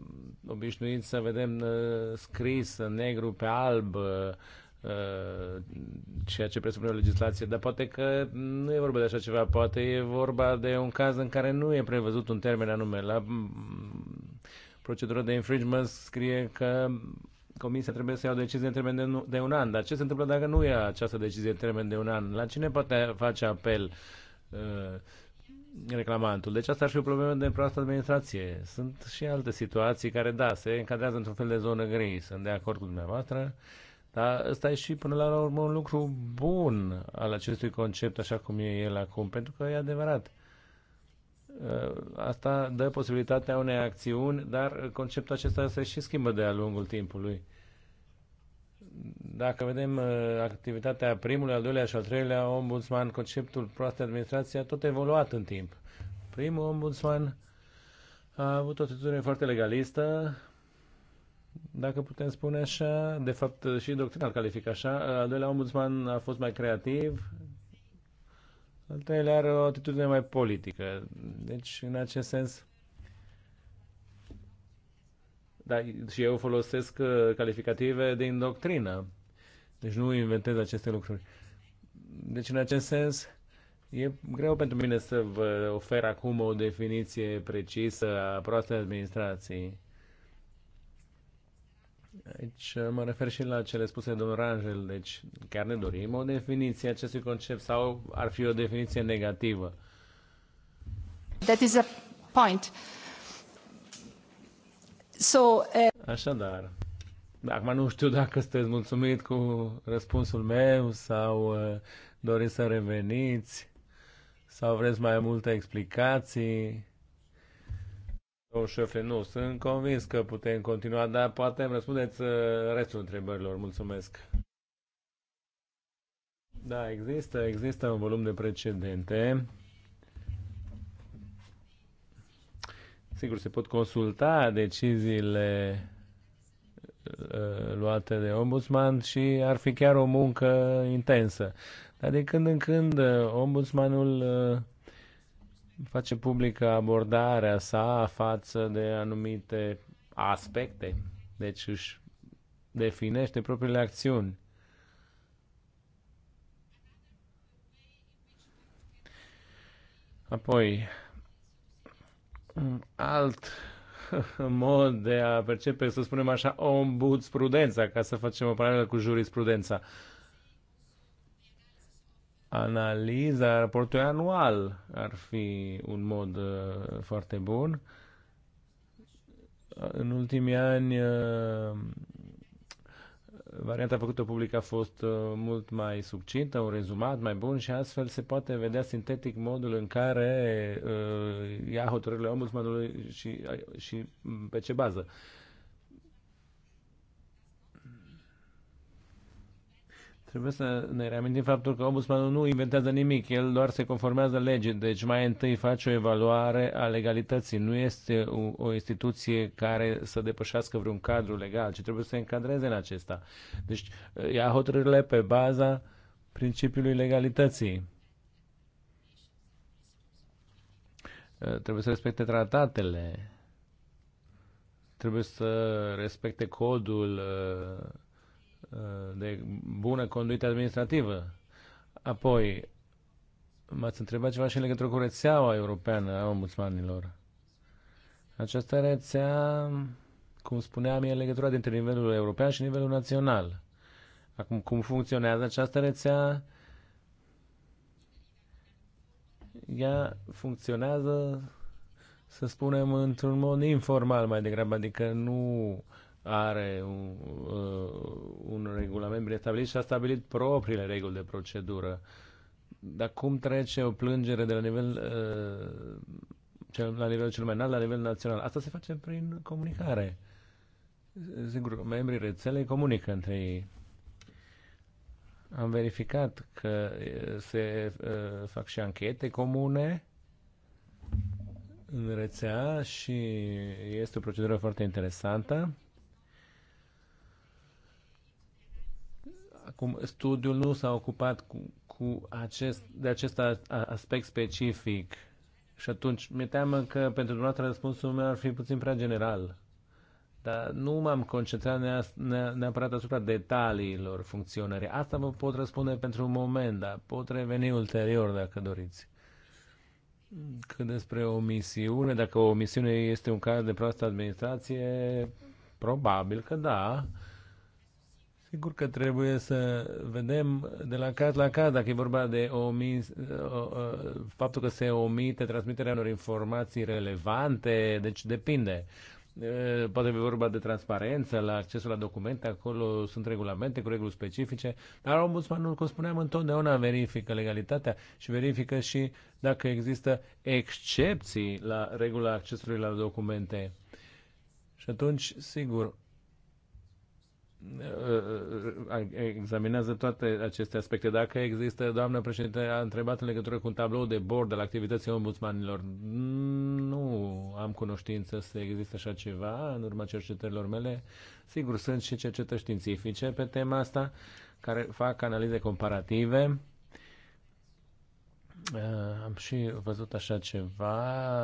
obișnuiți să vedem eh, scris în negru pe alb ceea ce presupune o legislație, dar poate că nu e vorba de așa ceva, poate e vorba de un caz în care nu e prevăzut un termen anume. La mm, procedura de infringement scrie că Comisia trebuie să ia o decizie în termen de, de un an. Dar ce se întâmplă dacă nu ia această decizie în termen de un an? La cine poate face apel uh, reclamantul? Deci asta ar fi o problemă de proastă administrație. Sunt și alte situații care, da, se încadrează într-un fel de zonă gri. Sunt de acord cu dumneavoastră. Dar ăsta e și până la urmă un lucru bun al acestui concept așa cum e el acum, pentru că e adevărat. Uh, Uh, asta dă posibilitatea unei acțiuni, dar conceptul acesta se și schimbă de-a lungul timpului. Dacă vedem uh, activitatea primului, al doilea și al treilea ombudsman, conceptul proastă administrație a tot evoluat în timp. Primul ombudsman a avut o atitudine foarte legalistă, dacă putem spune așa, de fapt și doctrina ar califică așa, al doilea ombudsman a fost mai creativ, al treilea are o atitudine mai politică. Deci, în acest sens, da, și eu folosesc uh, calificative din doctrină. Deci nu inventez aceste lucruri. Deci, în acest sens, e greu pentru mine să vă ofer acum o definiție precisă a proastei administrații. Aici mă refer și la cele spuse de domnul Rangel, deci chiar ne dorim o definiție acestui concept sau ar fi o definiție negativă? That is a point. So, uh... Așadar, acum nu știu dacă sunteți mulțumit cu răspunsul meu sau uh, doriți să reveniți sau vreți mai multe explicații. Domnul Șefle, nu, sunt convins că putem continua, dar poate îmi răspundeți uh, restul întrebărilor. Mulțumesc. Da, există, există un volum de precedente. Sigur, se pot consulta deciziile uh, luate de ombudsman și ar fi chiar o muncă intensă. Dar de când în când uh, ombudsmanul face publică abordarea sa față de anumite aspecte, deci își definește propriile acțiuni. Apoi, un alt mod de a percepe, să spunem așa, ombudsprudența, ca să facem o paralelă cu jurisprudența. Uh, analiza raportului anual ar fi un mod uh, foarte bun. În ultimii ani uh, varianta făcută publică a fost uh, mult mai succintă, un rezumat mai bun și astfel se poate vedea sintetic modul în care ia hotărârile ombudsmanului și, și pe ce bază. Uh, Trebuie să ne reamintim faptul că ombudsmanul nu inventează nimic, el doar se conformează legii, deci mai întâi face o evaluare a legalității. Nu este o, o instituție care să depășească vreun cadru legal, ci trebuie să se încadreze în acesta. Deci uh, ia hotărârile pe baza principiului legalității. Uh, trebuie să respecte tratatele, trebuie să respecte codul uh, Uh, de bună conduită administrativă. Apoi, m-ați întrebat ceva și în legătură cu rețeaua europeană a ombudsmanilor. Această rețea, cum spuneam, e legătura dintre nivelul european și nivelul național. Acum, cum funcționează această rețea? Ea funcționează, să spunem, într-un mod informal mai degrabă, adică nu are un, uh, un regulament bine stabilit și a stabilit propriile reguli de procedură. Dar cum trece o plângere de la nivel uh, cel, la nivel cel mai înalt, la nivel național? Asta se face prin comunicare. Sigur, membrii rețelei comunică între ei. Am verificat că uh, se fac și anchete comune în rețea și este o procedură foarte interesantă. Acum, studiul nu s-a ocupat cu, cu acest, de acest aspect specific. Și atunci, mi-e teamă că pentru dumneavoastră răspunsul meu ar fi puțin prea general. Dar nu m-am concentrat neapărat asupra detaliilor funcționării. Asta vă pot răspunde pentru un moment, dar pot reveni ulterior dacă doriți. Că despre o misiune, dacă o misiune este un caz de proastă administrație, probabil că da. Sigur că trebuie să vedem de la caz la caz dacă e vorba de omis, faptul că se omite transmiterea unor informații relevante, deci depinde. Poate fi vorba de transparență, la accesul la documente, acolo sunt regulamente cu reguli specifice, dar ombudsmanul, cum spuneam, întotdeauna verifică legalitatea și verifică și dacă există excepții la regula accesului la documente. Și atunci, sigur, Ă, ă, ă, examinează toate aceste aspecte. Dacă există, doamnă președinte, a întrebat în legătură cu un tablou de bord al activității ombudsmanilor. Nu am cunoștință să există așa ceva în urma cercetărilor mele. Sigur, sunt și cercetări științifice pe tema asta, care fac analize comparative. Am și văzut așa ceva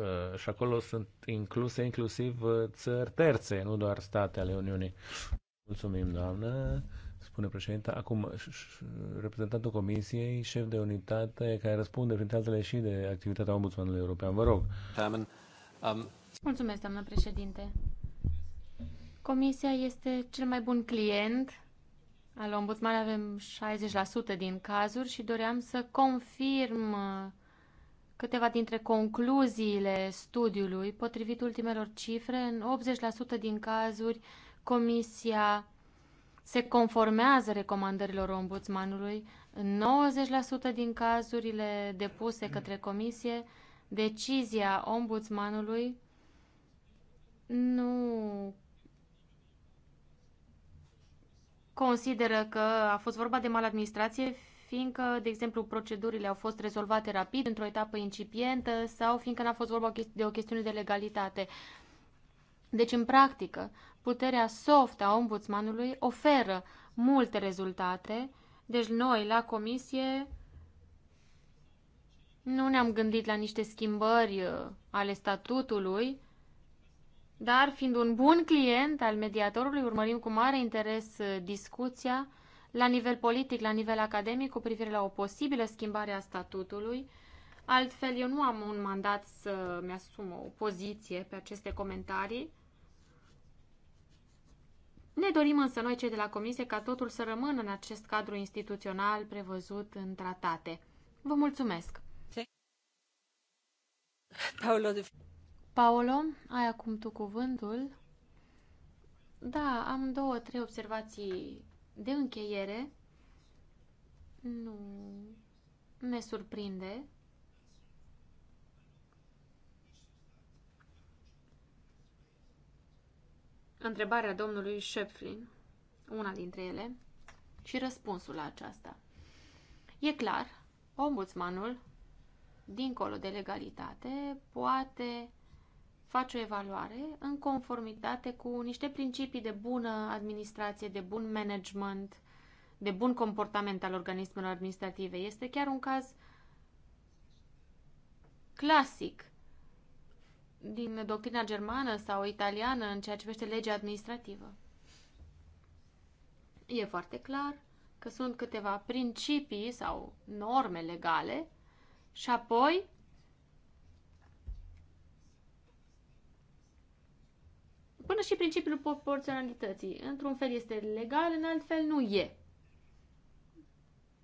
Uh, și acolo sunt incluse inclusiv uh, țări terțe, nu doar state ale Uniunii. Mulțumim, doamnă, spune președinta. Acum, reprezentantul Comisiei, șef de unitate, care răspunde printre altele și de activitatea Ombudsmanului European. Vă rog. Um, Mulțumesc, doamnă președinte. Comisia este cel mai bun client al Ombudsmanului. avem 60% din cazuri și doream să confirm uh, Câteva dintre concluziile studiului, potrivit ultimelor cifre, în 80% din cazuri, Comisia se conformează recomandărilor ombudsmanului. În 90% din cazurile depuse către Comisie, decizia ombudsmanului nu consideră că a fost vorba de maladministrație, fiindcă, de exemplu, procedurile au fost rezolvate rapid, într-o etapă incipientă sau fiindcă n-a fost vorba de o chestiune de legalitate. Deci, în practică, puterea soft a ombudsmanului oferă multe rezultate, deci noi, la comisie, nu ne-am gândit la niște schimbări uh, ale statutului, dar fiind un bun client al mediatorului, urmărim cu mare interes uh, discuția la nivel politic, la nivel academic, cu privire la o posibilă schimbare a statutului. Altfel, eu nu am un mandat să-mi asum o poziție pe aceste comentarii. Ne dorim însă noi, cei de la Comisie, ca totul să rămână în acest cadru instituțional prevăzut în tratate. Vă mulțumesc! Paolo, de... Paolo, ai acum tu cuvântul? Da, am două, trei observații de încheiere, nu ne surprinde întrebarea domnului Schöpflin, una dintre ele, și răspunsul la aceasta. E clar, ombudsmanul, dincolo de legalitate, poate faci o evaluare în conformitate cu niște principii de bună administrație, de bun management, de bun comportament al organismelor administrative. Este chiar un caz clasic din doctrina germană sau italiană în ceea ce privește legea administrativă. E foarte clar că sunt câteva principii sau norme legale și apoi până și principiul proporționalității. Într-un fel este legal, în alt fel nu e.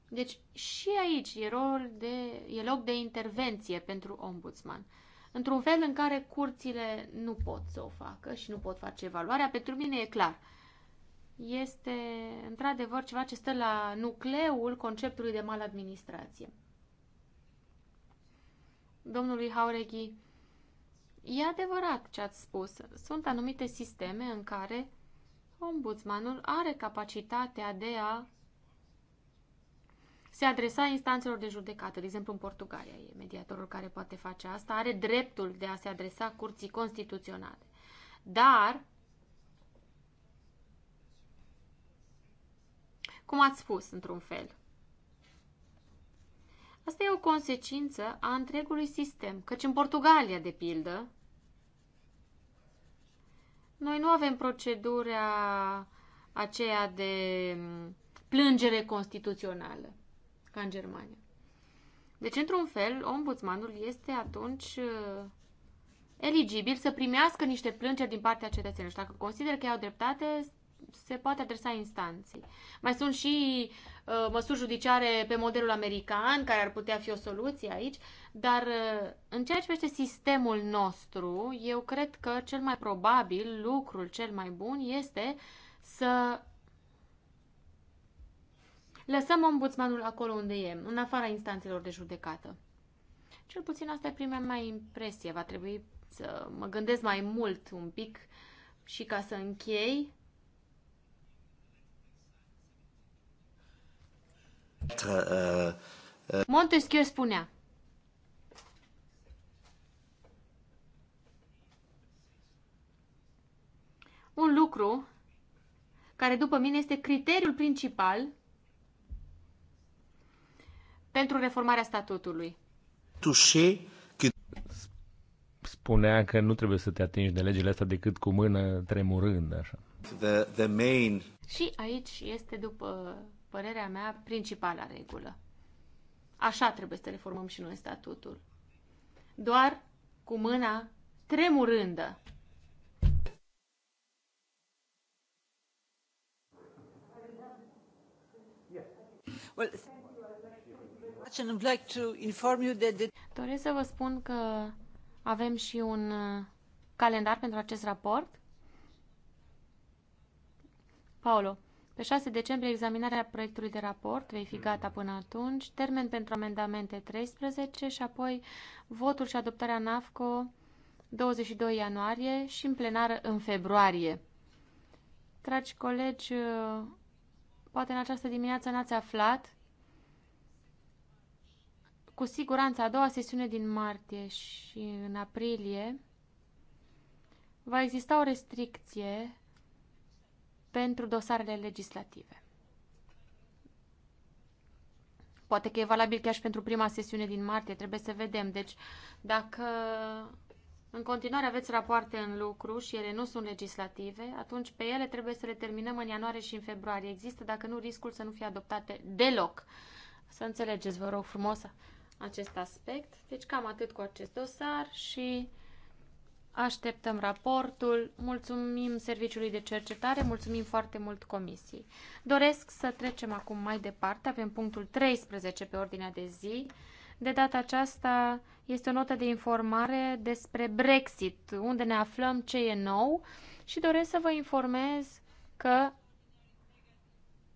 Deci și aici e, rol de, e loc de intervenție pentru ombudsman. Într-un fel în care curțile nu pot să o facă și nu pot face evaluarea, pentru mine e clar. Este într-adevăr ceva ce stă la nucleul conceptului de maladministrație. Domnului Haureghi, E adevărat ce ați spus. Sunt anumite sisteme în care ombudsmanul are capacitatea de a se adresa instanțelor de judecată. De exemplu, în Portugalia e mediatorul care poate face asta. Are dreptul de a se adresa curții constituționale. Dar, cum ați spus, într-un fel, Asta e o consecință a întregului sistem, căci în Portugalia, de pildă, noi nu avem procedura aceea de mm, plângere constituțională, ca în Germania. Deci, într-un fel, ombudsmanul este atunci uh, eligibil să primească niște plângeri din partea cetățenilor. Și dacă consider că au dreptate, se poate adresa instanții. Mai sunt și uh, măsuri judiciare pe modelul american, care ar putea fi o soluție aici, dar uh, în ceea ce privește sistemul nostru, eu cred că cel mai probabil, lucrul cel mai bun este să lăsăm ombudsmanul acolo unde e, în afara instanțelor de judecată. Cel puțin asta e prima mea impresie. Va trebui să mă gândesc mai mult un pic și ca să închei Montesquieu spunea Un lucru care după mine este criteriul principal pentru reformarea statutului. Spunea că nu trebuie să te atingi de legile astea decât cu mână tremurând, așa. The, the main... Și aici este, după părerea mea, principala regulă. Așa trebuie să reformăm și noi statutul. Doar cu mâna tremurândă. Well, like to inform you that the... Doresc să vă spun că avem și un uh, calendar pentru acest raport. Paolo, pe 6 decembrie, examinarea proiectului de raport vei fi gata mm. până atunci, termen pentru amendamente 13 și apoi votul și adoptarea NAFCO 22 ianuarie și în plenară în februarie. Dragi colegi, poate în această dimineață n-ați aflat, cu siguranță a doua sesiune din martie și în aprilie va exista o restricție pentru dosarele legislative. Poate că e valabil chiar și pentru prima sesiune din martie, trebuie să vedem. Deci, dacă în continuare aveți rapoarte în lucru și ele nu sunt legislative, atunci pe ele trebuie să le terminăm în ianuarie și în februarie. Există, dacă nu, riscul să nu fie adoptate deloc. Să înțelegeți, vă rog frumos, acest aspect. Deci cam atât cu acest dosar și Așteptăm raportul, mulțumim Serviciului de Cercetare, mulțumim foarte mult Comisiei. Doresc să trecem acum mai departe, avem punctul 13 pe ordinea de zi. De data aceasta este o notă de informare despre Brexit, unde ne aflăm ce e nou și doresc să vă informez că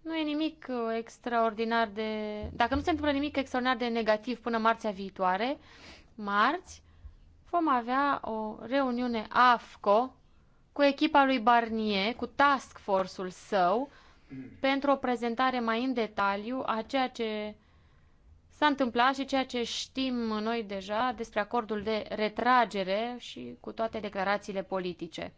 nu e nimic extraordinar de... Dacă nu se întâmplă nimic extraordinar de negativ până marțea viitoare, marți, vom avea o reuniune AFCO cu echipa lui Barnier, cu task force-ul său, pentru o prezentare mai în detaliu a ceea ce s-a întâmplat și ceea ce știm noi deja despre acordul de retragere și cu toate declarațiile politice.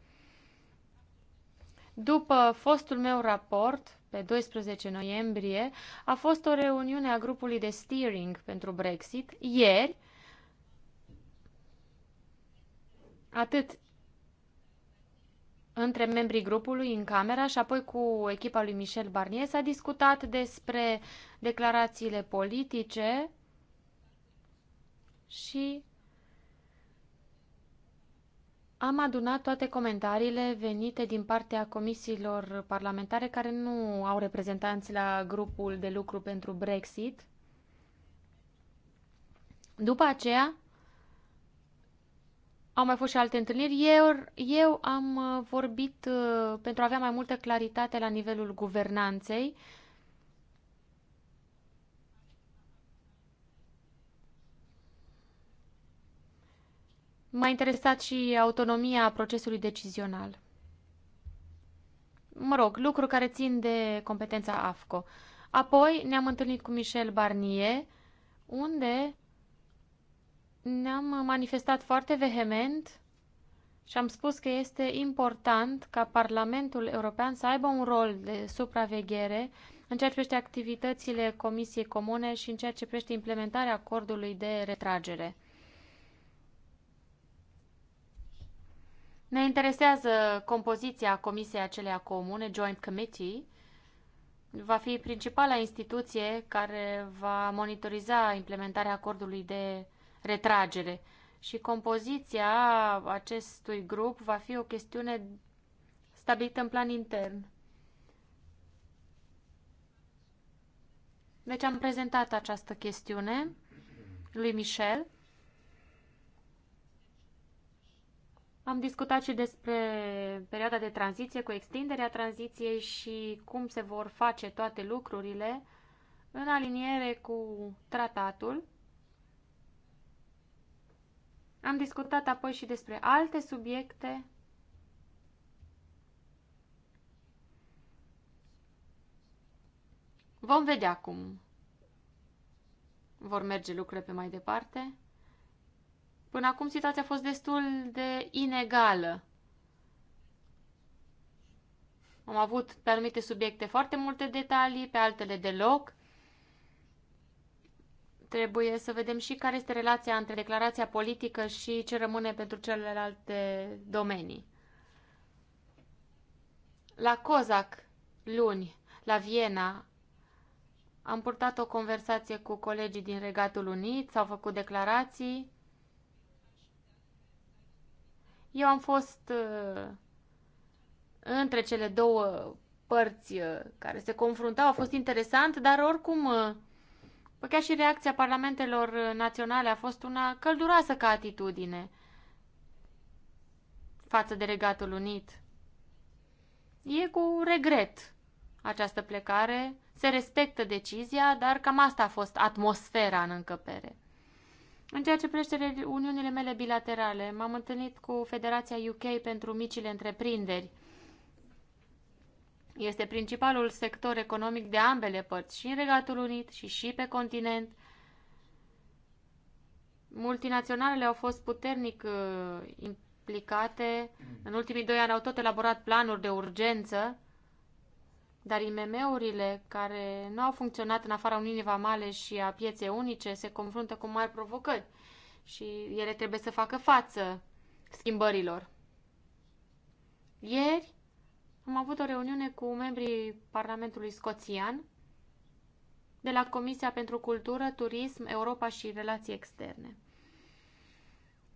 După fostul meu raport, pe 12 noiembrie, a fost o reuniune a grupului de steering pentru Brexit, ieri, atât între membrii grupului în camera și apoi cu echipa lui Michel Barnier s-a discutat despre declarațiile politice și am adunat toate comentariile venite din partea comisiilor parlamentare care nu au reprezentanți la grupul de lucru pentru Brexit. După aceea, au mai fost și alte întâlniri. Eu, eu am uh, vorbit uh, pentru a avea mai multă claritate la nivelul guvernanței. M-a interesat și autonomia procesului decizional. Mă rog, lucruri care țin de competența AFCO. Apoi ne-am întâlnit cu Michel Barnier, unde ne-am manifestat foarte vehement și am spus că este important ca Parlamentul European să aibă un rol de supraveghere în ceea ce privește activitățile Comisiei Comune și în ceea ce privește implementarea acordului de retragere. Ne interesează compoziția Comisiei acelea comune, Joint Committee, va fi principala instituție care va monitoriza implementarea acordului de retragere. Și compoziția acestui grup va fi o chestiune stabilită în plan intern. Deci am prezentat această chestiune lui Michel. Am discutat și despre perioada de tranziție, cu extinderea tranziției și cum se vor face toate lucrurile în aliniere cu tratatul. Am discutat apoi și despre alte subiecte. Vom vedea cum vor merge lucrurile pe mai departe. Până acum situația a fost destul de inegală. Am avut pe anumite subiecte foarte multe detalii, pe altele deloc trebuie să vedem și care este relația între declarația politică și ce rămâne pentru celelalte domenii. La COSAC, luni, la Viena, am purtat o conversație cu colegii din Regatul Unit, s-au făcut declarații. Eu am fost uh, între cele două părți uh, care se confruntau, a fost interesant, dar oricum... Uh, Păi chiar și reacția parlamentelor naționale a fost una călduroasă ca atitudine față de Regatul Unit. E cu regret această plecare, se respectă decizia, dar cam asta a fost atmosfera în încăpere. În ceea ce privește uniunile mele bilaterale, m-am întâlnit cu Federația UK pentru micile întreprinderi, este principalul sector economic de ambele părți, și în Regatul Unit și și pe continent. Multinaționalele au fost puternic uh, implicate. În ultimii doi ani au tot elaborat planuri de urgență, dar IMM-urile care nu au funcționat în afara Uniunii Vamale și a pieței unice se confruntă cu mari provocări și ele trebuie să facă față schimbărilor. Ieri am avut o reuniune cu membrii Parlamentului Scoțian de la Comisia pentru Cultură, Turism, Europa și Relații Externe.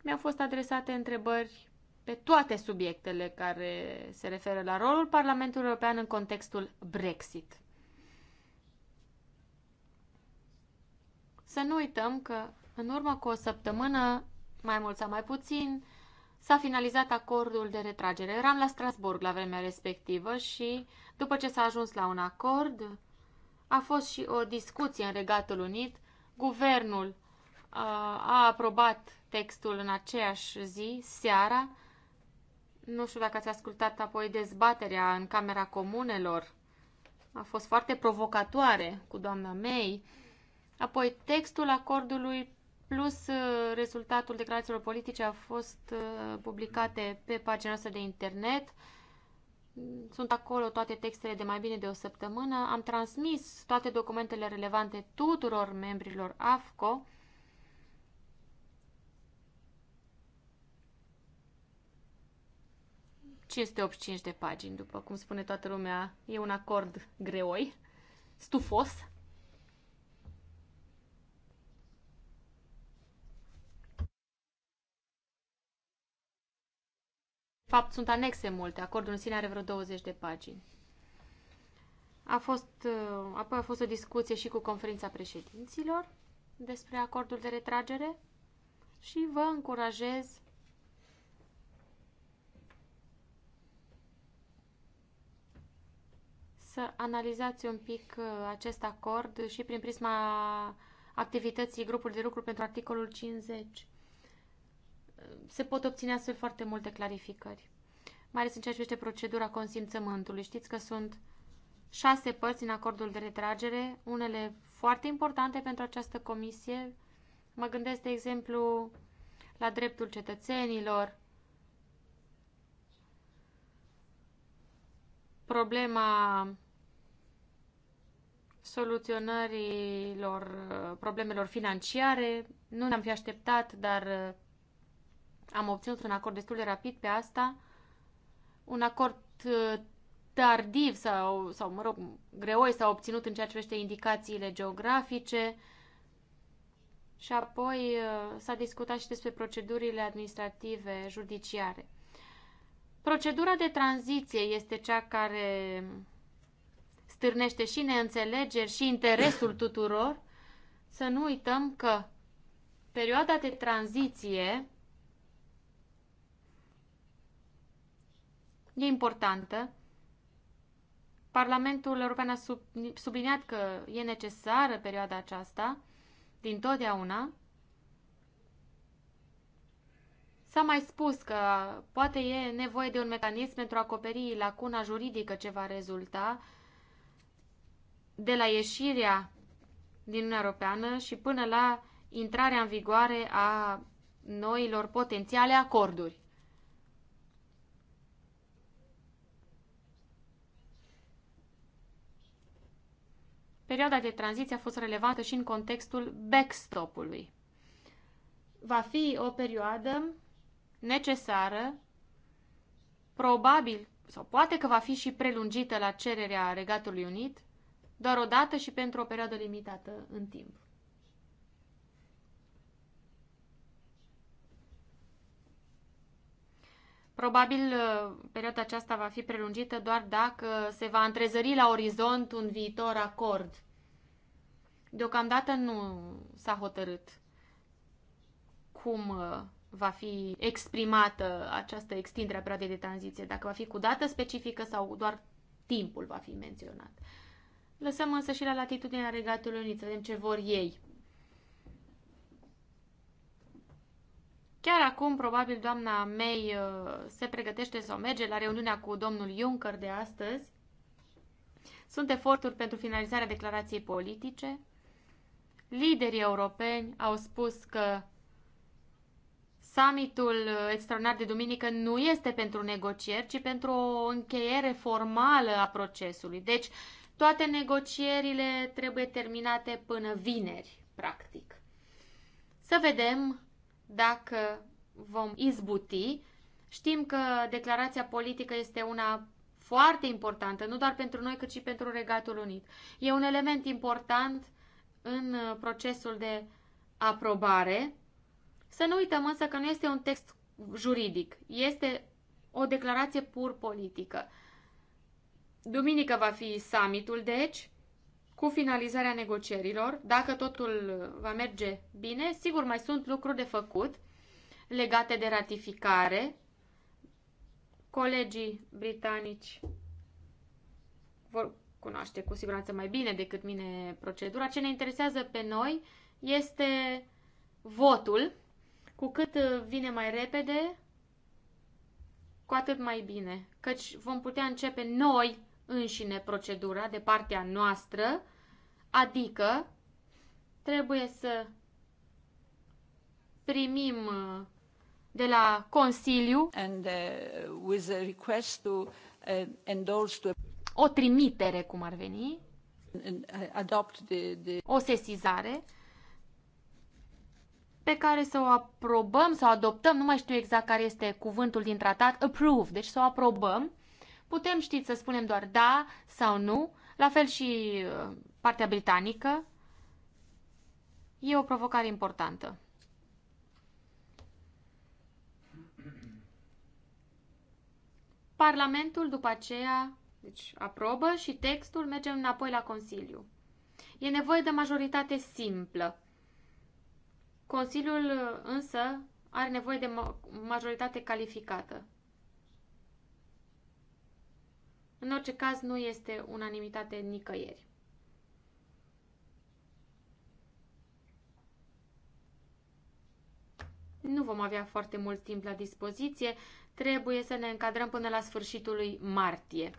Mi-au fost adresate întrebări pe toate subiectele care se referă la rolul Parlamentului European în contextul Brexit. Să nu uităm că în urmă cu o săptămână, mai mult sau mai puțin, s-a finalizat acordul de retragere. Eram la Strasburg la vremea respectivă și după ce s-a ajuns la un acord, a fost și o discuție în Regatul Unit. Guvernul uh, a aprobat textul în aceeași zi, seara. Nu știu dacă ați ascultat apoi dezbaterea în Camera Comunelor. A fost foarte provocatoare cu doamna May. Apoi textul acordului plus uh, rezultatul declarațiilor politice a fost uh, publicate pe pagina noastră de internet. Sunt acolo toate textele de mai bine de o săptămână. Am transmis toate documentele relevante tuturor membrilor AFCO. este 85 de pagini, după cum spune toată lumea, e un acord greoi, stufos. fapt, sunt anexe multe. Acordul în sine are vreo 20 de pagini. A fost, uh, apoi a fost o discuție și cu conferința președinților despre acordul de retragere și vă încurajez să analizați un pic uh, acest acord și prin prisma activității grupului de lucru pentru articolul 50 se pot obține astfel foarte multe clarificări, mai ales în ceea ce este procedura consimțământului. Știți că sunt șase părți în acordul de retragere, unele foarte importante pentru această comisie. Mă gândesc, de exemplu, la dreptul cetățenilor, problema soluționărilor problemelor financiare. Nu ne-am fi așteptat, dar am obținut un acord destul de rapid pe asta, un acord uh, tardiv sau, sau mă rog, greoi s-a obținut în ceea ce privește indicațiile geografice și apoi uh, s-a discutat și despre procedurile administrative judiciare. Procedura de tranziție este cea care stârnește și neînțelegeri și interesul tuturor. Să nu uităm că perioada de tranziție e importantă. Parlamentul European a sub, subliniat că e necesară perioada aceasta, din totdeauna. S-a mai spus că poate e nevoie de un mecanism pentru a acoperi lacuna juridică ce va rezulta de la ieșirea din Uniunea Europeană și până la intrarea în vigoare a noilor potențiale acorduri. Perioada de tranziție a fost relevantă și în contextul backstop-ului. Va fi o perioadă necesară, probabil sau poate că va fi și prelungită la cererea Regatului Unit, doar odată și pentru o perioadă limitată în timp. Probabil uh, perioada aceasta va fi prelungită doar dacă se va întrezări la orizont un viitor acord. Deocamdată nu s-a hotărât cum uh, va fi exprimată această extindere a perioadei de tranziție, dacă va fi cu dată specifică sau doar timpul va fi menționat. Lăsăm însă și la latitudinea Regatului Unit să vedem ce vor ei. Chiar acum, probabil, doamna May uh, se pregătește să o merge la reuniunea cu domnul Juncker de astăzi. Sunt eforturi pentru finalizarea declarației politice. Liderii europeni au spus că summitul extraordinar de duminică nu este pentru negocieri, ci pentru o încheiere formală a procesului. Deci, toate negocierile trebuie terminate până vineri, practic. Să vedem dacă vom izbuti. Știm că declarația politică este una foarte importantă, nu doar pentru noi, cât și pentru Regatul Unit. E un element important în procesul de aprobare. Să nu uităm însă că nu este un text juridic, este o declarație pur politică. Duminică va fi summitul, deci, cu finalizarea negocierilor, dacă totul va merge bine, sigur mai sunt lucruri de făcut legate de ratificare. Colegii britanici vor cunoaște cu siguranță mai bine decât mine procedura. Ce ne interesează pe noi este votul. Cu cât uh, vine mai repede, cu atât mai bine, căci vom putea începe noi înșine procedura de partea noastră Adică trebuie să primim uh, de la Consiliu And, uh, with a request to, uh, endorse to... o trimitere, cum ar veni, uh, adopt the, the... o sesizare pe care să o aprobăm, să o adoptăm, nu mai știu exact care este cuvântul din tratat, approve, deci să o aprobăm. Putem, știți, să spunem doar da sau nu, la fel și uh, partea britanică, e o provocare importantă. Parlamentul după aceea deci aprobă și textul merge înapoi la Consiliu. E nevoie de majoritate simplă. Consiliul însă are nevoie de majoritate calificată. În orice caz, nu este unanimitate nicăieri. nu vom avea foarte mult timp la dispoziție. Trebuie să ne încadrăm până la sfârșitul lui martie.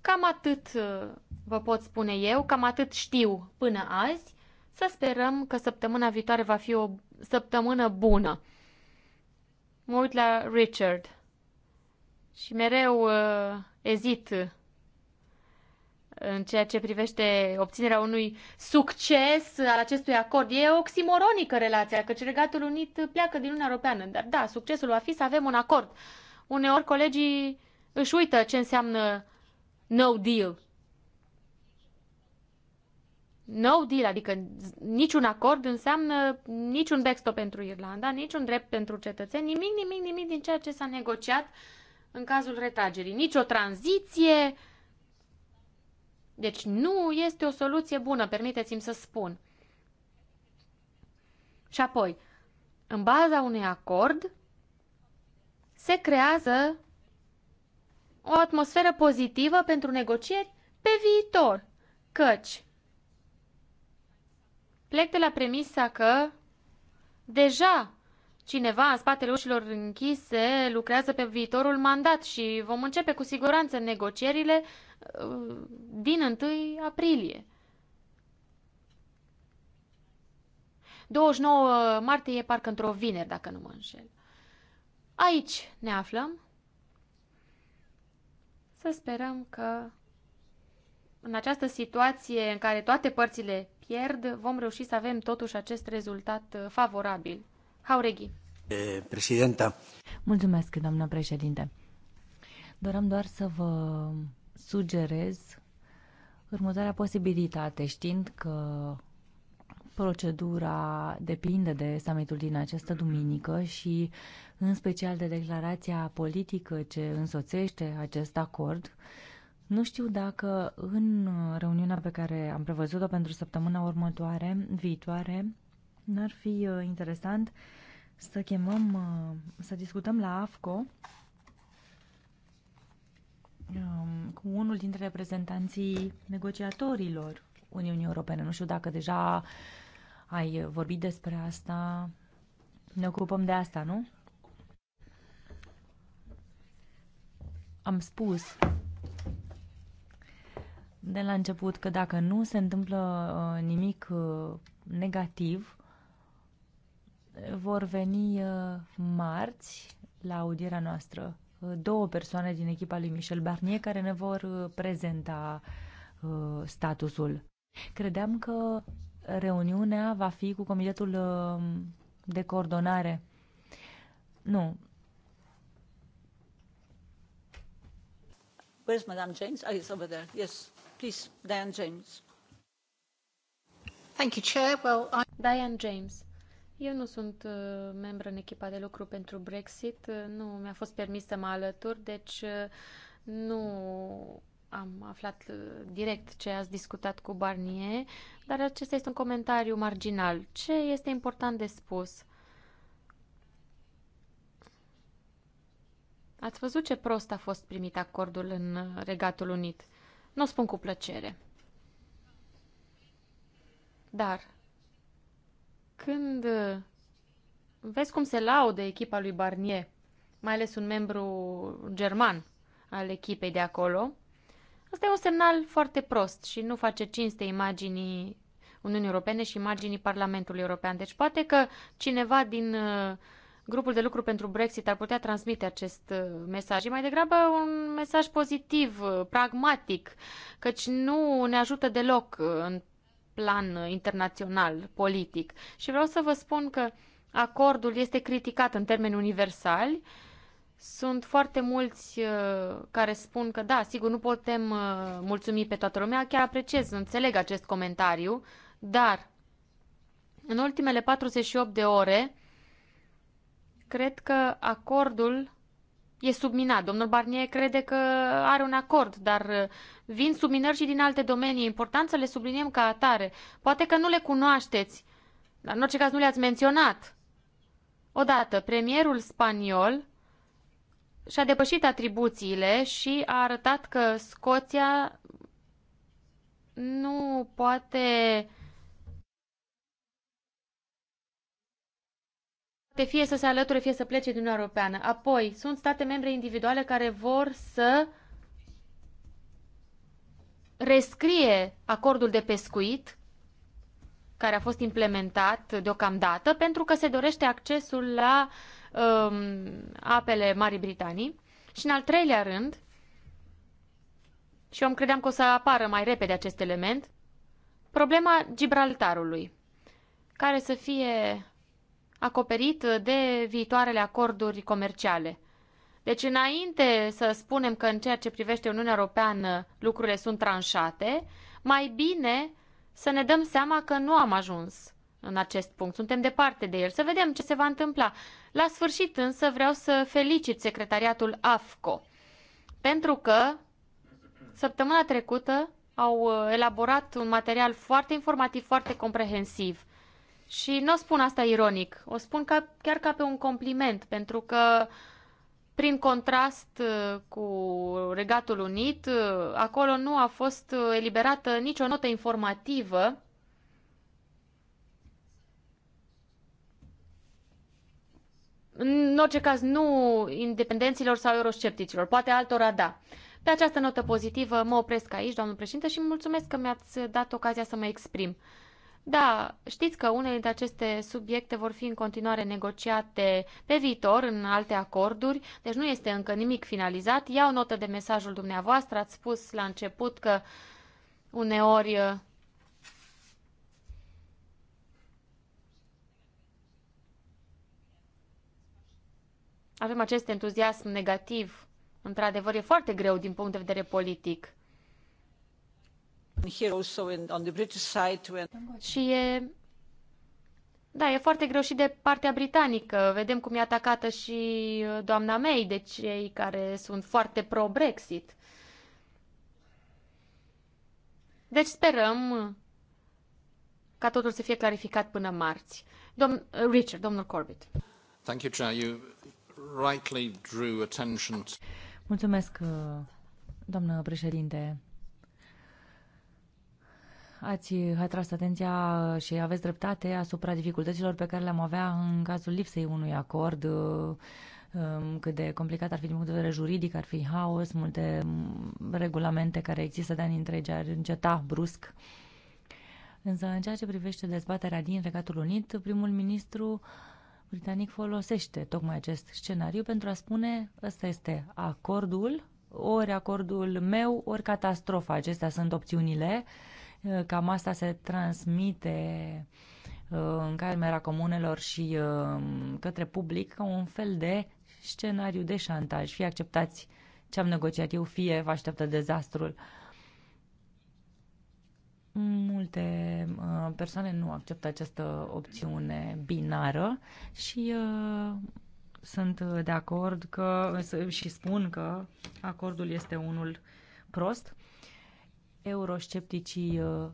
Cam atât uh, vă pot spune eu, cam atât știu până azi. Să sperăm că săptămâna viitoare va fi o săptămână bună. Mă uit la Richard și mereu uh, ezit în ceea ce privește obținerea unui succes al acestui acord. E oximoronică relația, căci Regatul Unit pleacă din Uniunea Europeană. Dar da, succesul va fi să avem un acord. Uneori colegii își uită ce înseamnă no deal. No deal, adică niciun acord înseamnă niciun backstop pentru Irlanda, niciun drept pentru cetățeni, nimic, nimic, nimic din ceea ce s-a negociat în cazul retragerii. Nici o tranziție, deci nu este o soluție bună, permiteți-mi să spun. Și apoi, în baza unui acord, se creează o atmosferă pozitivă pentru negocieri pe viitor, căci plec de la premisa că deja Cineva în spatele ușilor închise lucrează pe viitorul mandat și vom începe cu siguranță negocierile uh, din 1 aprilie. 29 martie e parcă într-o vineri, dacă nu mă înșel. Aici ne aflăm. Să sperăm că în această situație în care toate părțile pierd, vom reuși să avem totuși acest rezultat uh, favorabil. Haureghi. Președinta. Mulțumesc, doamnă președinte. Doream doar să vă sugerez următoarea posibilitate, știind că procedura depinde de summitul din această duminică și în special de declarația politică ce însoțește acest acord. Nu știu dacă în reuniunea pe care am prevăzut-o pentru săptămâna următoare, viitoare, N-ar fi uh, interesant să chemăm, uh, să discutăm la AFCO um, cu unul dintre reprezentanții negociatorilor Uniunii Europene. Nu știu dacă deja ai vorbit despre asta. Ne ocupăm de asta, nu? Am spus de la început că dacă nu se întâmplă uh, nimic negativ, vor veni uh, marți la audierea noastră uh, două persoane din echipa lui Michel Barnier care ne vor uh, prezenta statusul. Credeam că reuniunea va fi cu comitetul de coordonare. Nu. Where's Madame James? Oh, it's over there. Yes, please, Diane James. Thank you, Chair. Well, I'm... Diane James. Eu nu sunt uh, membră în echipa de lucru pentru Brexit, uh, nu mi-a fost permis să mă alătur, deci uh, nu am aflat direct ce ați discutat cu Barnier, dar acesta este un comentariu marginal. Ce este important de spus? Ați văzut ce prost a fost primit acordul în Regatul Unit. Nu o spun cu plăcere. Dar când uh, vezi cum se laudă echipa lui Barnier, mai ales un membru german al echipei de acolo, asta e un semnal foarte prost și nu face cinste imaginii Uniunii Europene și imaginii Parlamentului European. Deci poate că cineva din uh, grupul de lucru pentru Brexit ar putea transmite acest uh, mesaj. E mai degrabă un mesaj pozitiv, pragmatic, căci nu ne ajută deloc în plan internațional, politic. Și vreau să vă spun că acordul este criticat în termeni universali. Sunt foarte mulți uh, care spun că da, sigur, nu putem uh, mulțumi pe toată lumea, chiar apreciez, înțeleg acest comentariu, dar în ultimele 48 de ore, cred că acordul e subminat. Domnul Barnier crede că are un acord, dar uh, vin subminări și din alte domenii. E important să le subliniem ca atare. Poate că nu le cunoașteți, dar în orice caz nu le-ați menționat. Odată, premierul spaniol și-a depășit atribuțiile și a arătat că Scoția nu poate uh, state fie să se alăture, fie să plece din Uniunea Europeană. Apoi, sunt state membre individuale care vor să rescrie acordul de pescuit care a fost implementat deocamdată pentru că se dorește accesul la um, apele Marii Britanii. Și în al treilea rând, și eu îmi credeam că o să apară mai repede acest element, problema Gibraltarului, care să fie acoperit de viitoarele acorduri comerciale. Deci, înainte să spunem că în ceea ce privește Uniunea Europeană lucrurile sunt tranșate, mai bine să ne dăm seama că nu am ajuns în acest punct. Suntem departe de el. Să vedem ce se va întâmpla. La sfârșit, însă, vreau să felicit secretariatul AFCO, pentru că săptămâna trecută au uh, elaborat un material foarte informativ, foarte comprehensiv. Și nu o spun asta ironic, o spun ca, chiar ca pe un compliment, pentru că prin contrast uh, cu Regatul Unit, uh, acolo nu a fost uh, eliberată nicio notă informativă În orice caz, nu independenților sau eurosceptiților, poate altora da. Pe această notă pozitivă mă opresc aici, doamnă președinte, și mulțumesc că mi-ați dat ocazia să mă exprim. Da, știți că unele dintre aceste subiecte vor fi în continuare negociate pe viitor în alte acorduri, deci nu este încă nimic finalizat. Iau notă de mesajul dumneavoastră, ați spus la început că uneori uh, avem acest entuziasm negativ. Într-adevăr, e foarte greu din punct de vedere politic. Și e... Da, e foarte greu și de partea britanică. Vedem cum e atacată și uh, doamna May de cei care sunt foarte pro-Brexit. Deci sperăm uh, ca totul să fie clarificat până marți. Domn uh, Richard, domnul Corbett. Thank you, Chair. You rightly drew attention to... Mulțumesc, doamnă președinte ați atras atenția și aveți dreptate asupra dificultăților pe care le-am avea în cazul lipsei unui acord, um, cât de complicat ar fi din punct de vedere juridic, ar fi haos, multe mm, regulamente care există de ani întregi ar înceta brusc. Însă, în ceea ce privește dezbaterea din Regatul Unit, primul ministru britanic folosește tocmai acest scenariu pentru a spune ăsta este acordul, ori acordul meu, ori catastrofa. Acestea sunt opțiunile Eh, cam asta se transmite eh, în camera comunelor și eh, către public ca un fel de scenariu de șantaj. Fie acceptați ce am negociat eu, fie vă așteaptă dezastrul. Multe persoane nu acceptă această opțiune binară și sunt de acord că și spun că acordul este unul prost euroscepticii uh,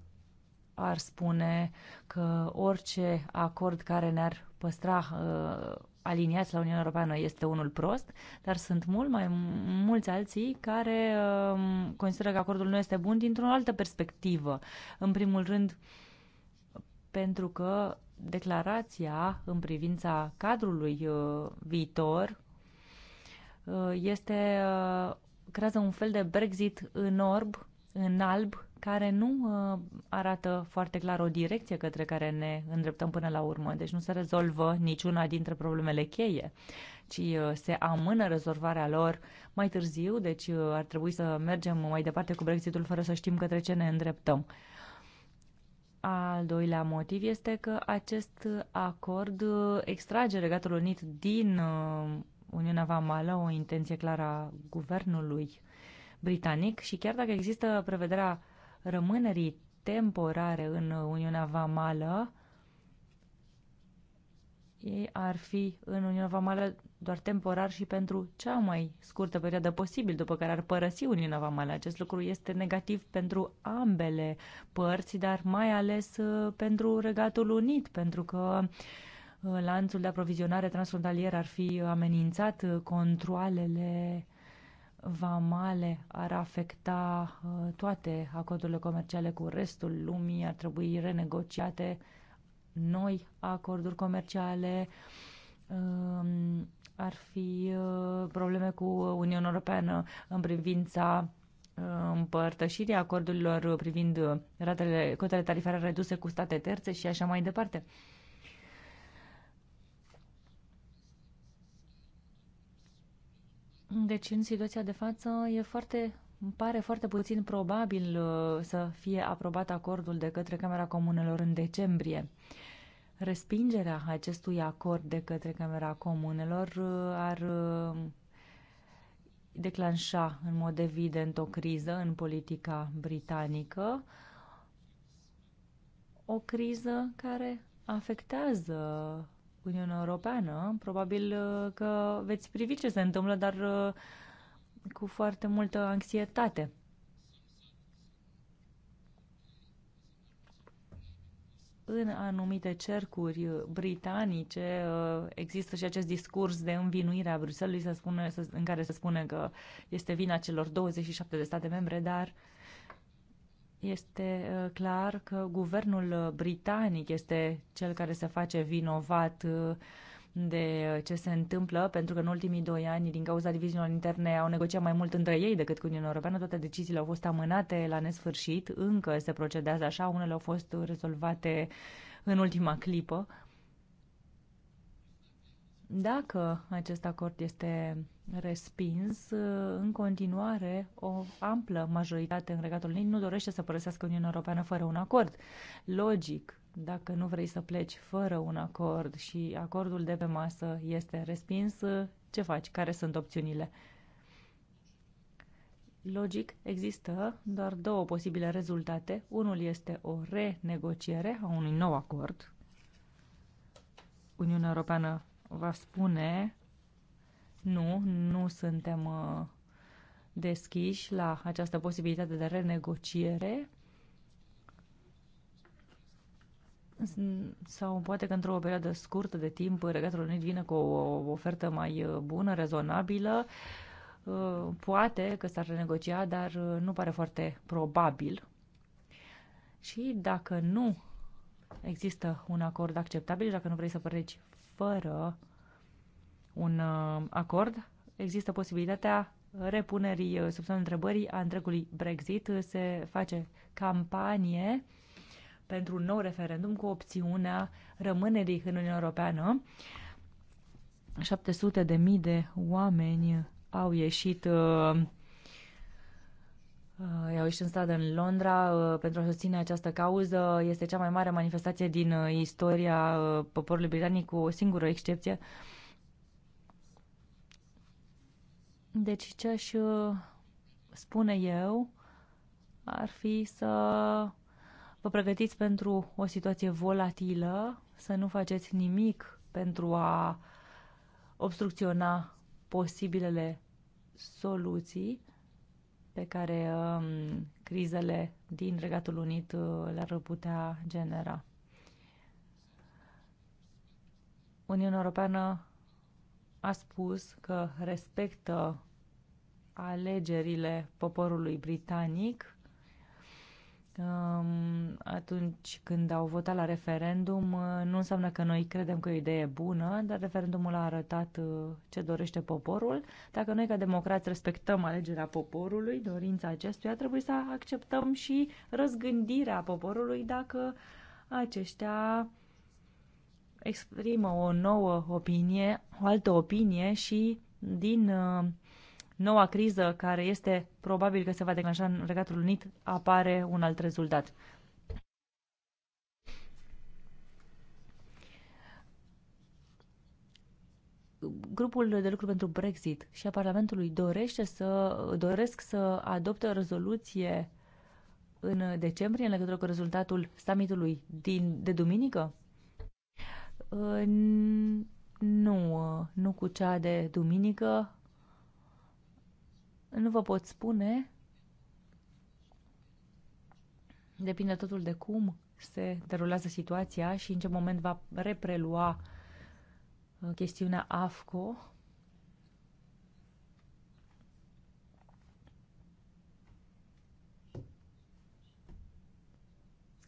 ar spune că orice acord care ne-ar păstra uh, aliniați la Uniunea Europeană este unul prost, dar sunt mult mai mulți alții care um, consideră că acordul nu este bun dintr-o altă perspectivă. În primul rând, pentru că declarația în privința cadrului uh, viitor este creează un fel de Brexit în orb în alb care nu uh, arată foarte clar o direcție către care ne îndreptăm până la urmă. Deci nu se rezolvă niciuna dintre problemele cheie, ci uh, se amână rezolvarea lor mai târziu, deci uh, ar trebui să mergem mai departe cu Brexitul fără să știm către ce ne îndreptăm. Al doilea motiv este că acest acord extrage Regatul Unit din Uniunea Vamală, o intenție clară a guvernului britanic și chiar dacă există prevederea rămânerii temporare în Uniunea Vamală, ei ar fi în Uniunea Vamală doar temporar și pentru cea mai scurtă perioadă posibil, după care ar părăsi Uniunea Vamală. Acest lucru este negativ pentru ambele părți, dar mai ales uh, pentru Regatul Unit, pentru că uh, lanțul de aprovizionare transfrontalier ar fi amenințat, uh, controlele vamale ar afecta uh, toate acordurile comerciale cu restul lumii, ar trebui renegociate noi acorduri comerciale, um, ar fi uh, probleme cu Uniunea Europeană în privința uh, împărtășirii acordurilor privind ratele, cotele tarifare reduse cu state terțe și așa mai departe. Deci, în situația de față, e foarte, îmi pare foarte puțin probabil uh, să fie aprobat acordul de către Camera Comunelor în decembrie. Respingerea acestui acord de către Camera Comunelor uh, ar uh, declanșa în mod evident o criză în politica britanică, o criză care afectează Uniunea Europeană. Probabil uh, că veți privi ce se întâmplă, dar uh, cu foarte multă anxietate. În anumite cercuri uh, britanice există și acest discurs de învinuire a Bruxelles, în care se spune că este vina celor 27 de state membre, dar uh, este uh, clar că guvernul uh, britanic este cel care se face vinovat uh, de ce se întâmplă, pentru că în ultimii doi ani, din cauza diviziunilor interne, au negociat mai mult între ei decât cu Uniunea Europeană. Toate deciziile au fost amânate la nesfârșit, încă se procedează așa, unele au fost rezolvate în ultima clipă. Dacă acest acord este respins, în continuare o amplă majoritate în Regatul Unit nu dorește să părăsească Uniunea Europeană fără un acord. Logic, dacă nu vrei să pleci fără un acord și acordul de pe masă este respins, ce faci? Care sunt opțiunile? Logic, există doar două posibile rezultate. Unul este o renegociere a unui nou acord. Uniunea Europeană va spune nu, nu suntem uh, deschiși la această posibilitate de renegociere sau poate că într-o perioadă scurtă de timp Regatul Unit vine cu o ofertă mai uh, bună, rezonabilă, uh, poate că s-ar renegocia, dar nu pare foarte probabil. Și dacă nu există un acord acceptabil, dacă nu vrei să pleci fără un uh, acord, există posibilitatea repunerii uh, sub semnul întrebării a întregului Brexit. Uh, se face campanie pentru un nou referendum cu opțiunea rămânerii în Uniunea Europeană. 700 de mii de oameni au ieșit Uh, au ieșit în stradă în Londra uh, pentru a susține această cauză. Este cea mai mare manifestație din uh, istoria poporului britanic, cu o singură excepție. Deci ce aș spune eu ar fi să vă pregătiți pentru o situație volatilă, să nu faceți nimic pentru a obstrucționa posibilele soluții pe care um, crizele din Regatul Unit uh, le-ar putea genera. Uniunea Europeană a spus că respectă alegerile poporului britanic atunci când au votat la referendum, uh, nu înseamnă că noi credem că e o idee bună, dar referendumul a arătat uh, ce dorește poporul. Dacă noi, ca democrați, respectăm alegerea poporului, dorința acestuia, trebuie să acceptăm și răzgândirea poporului dacă aceștia exprimă o nouă opinie, o altă opinie și din uh, noua criză care este probabil că se va declanșa în Regatul Unit, apare un alt rezultat. grupul de lucru pentru Brexit și a Parlamentului dorește să, doresc să adopte o rezoluție în decembrie în legătură cu rezultatul summitului din, de duminică? Nu, nu cu cea de duminică. Nu vă pot spune. Depinde totul de cum se derulează situația și în ce moment va reprelua uh, chestiunea AFCO.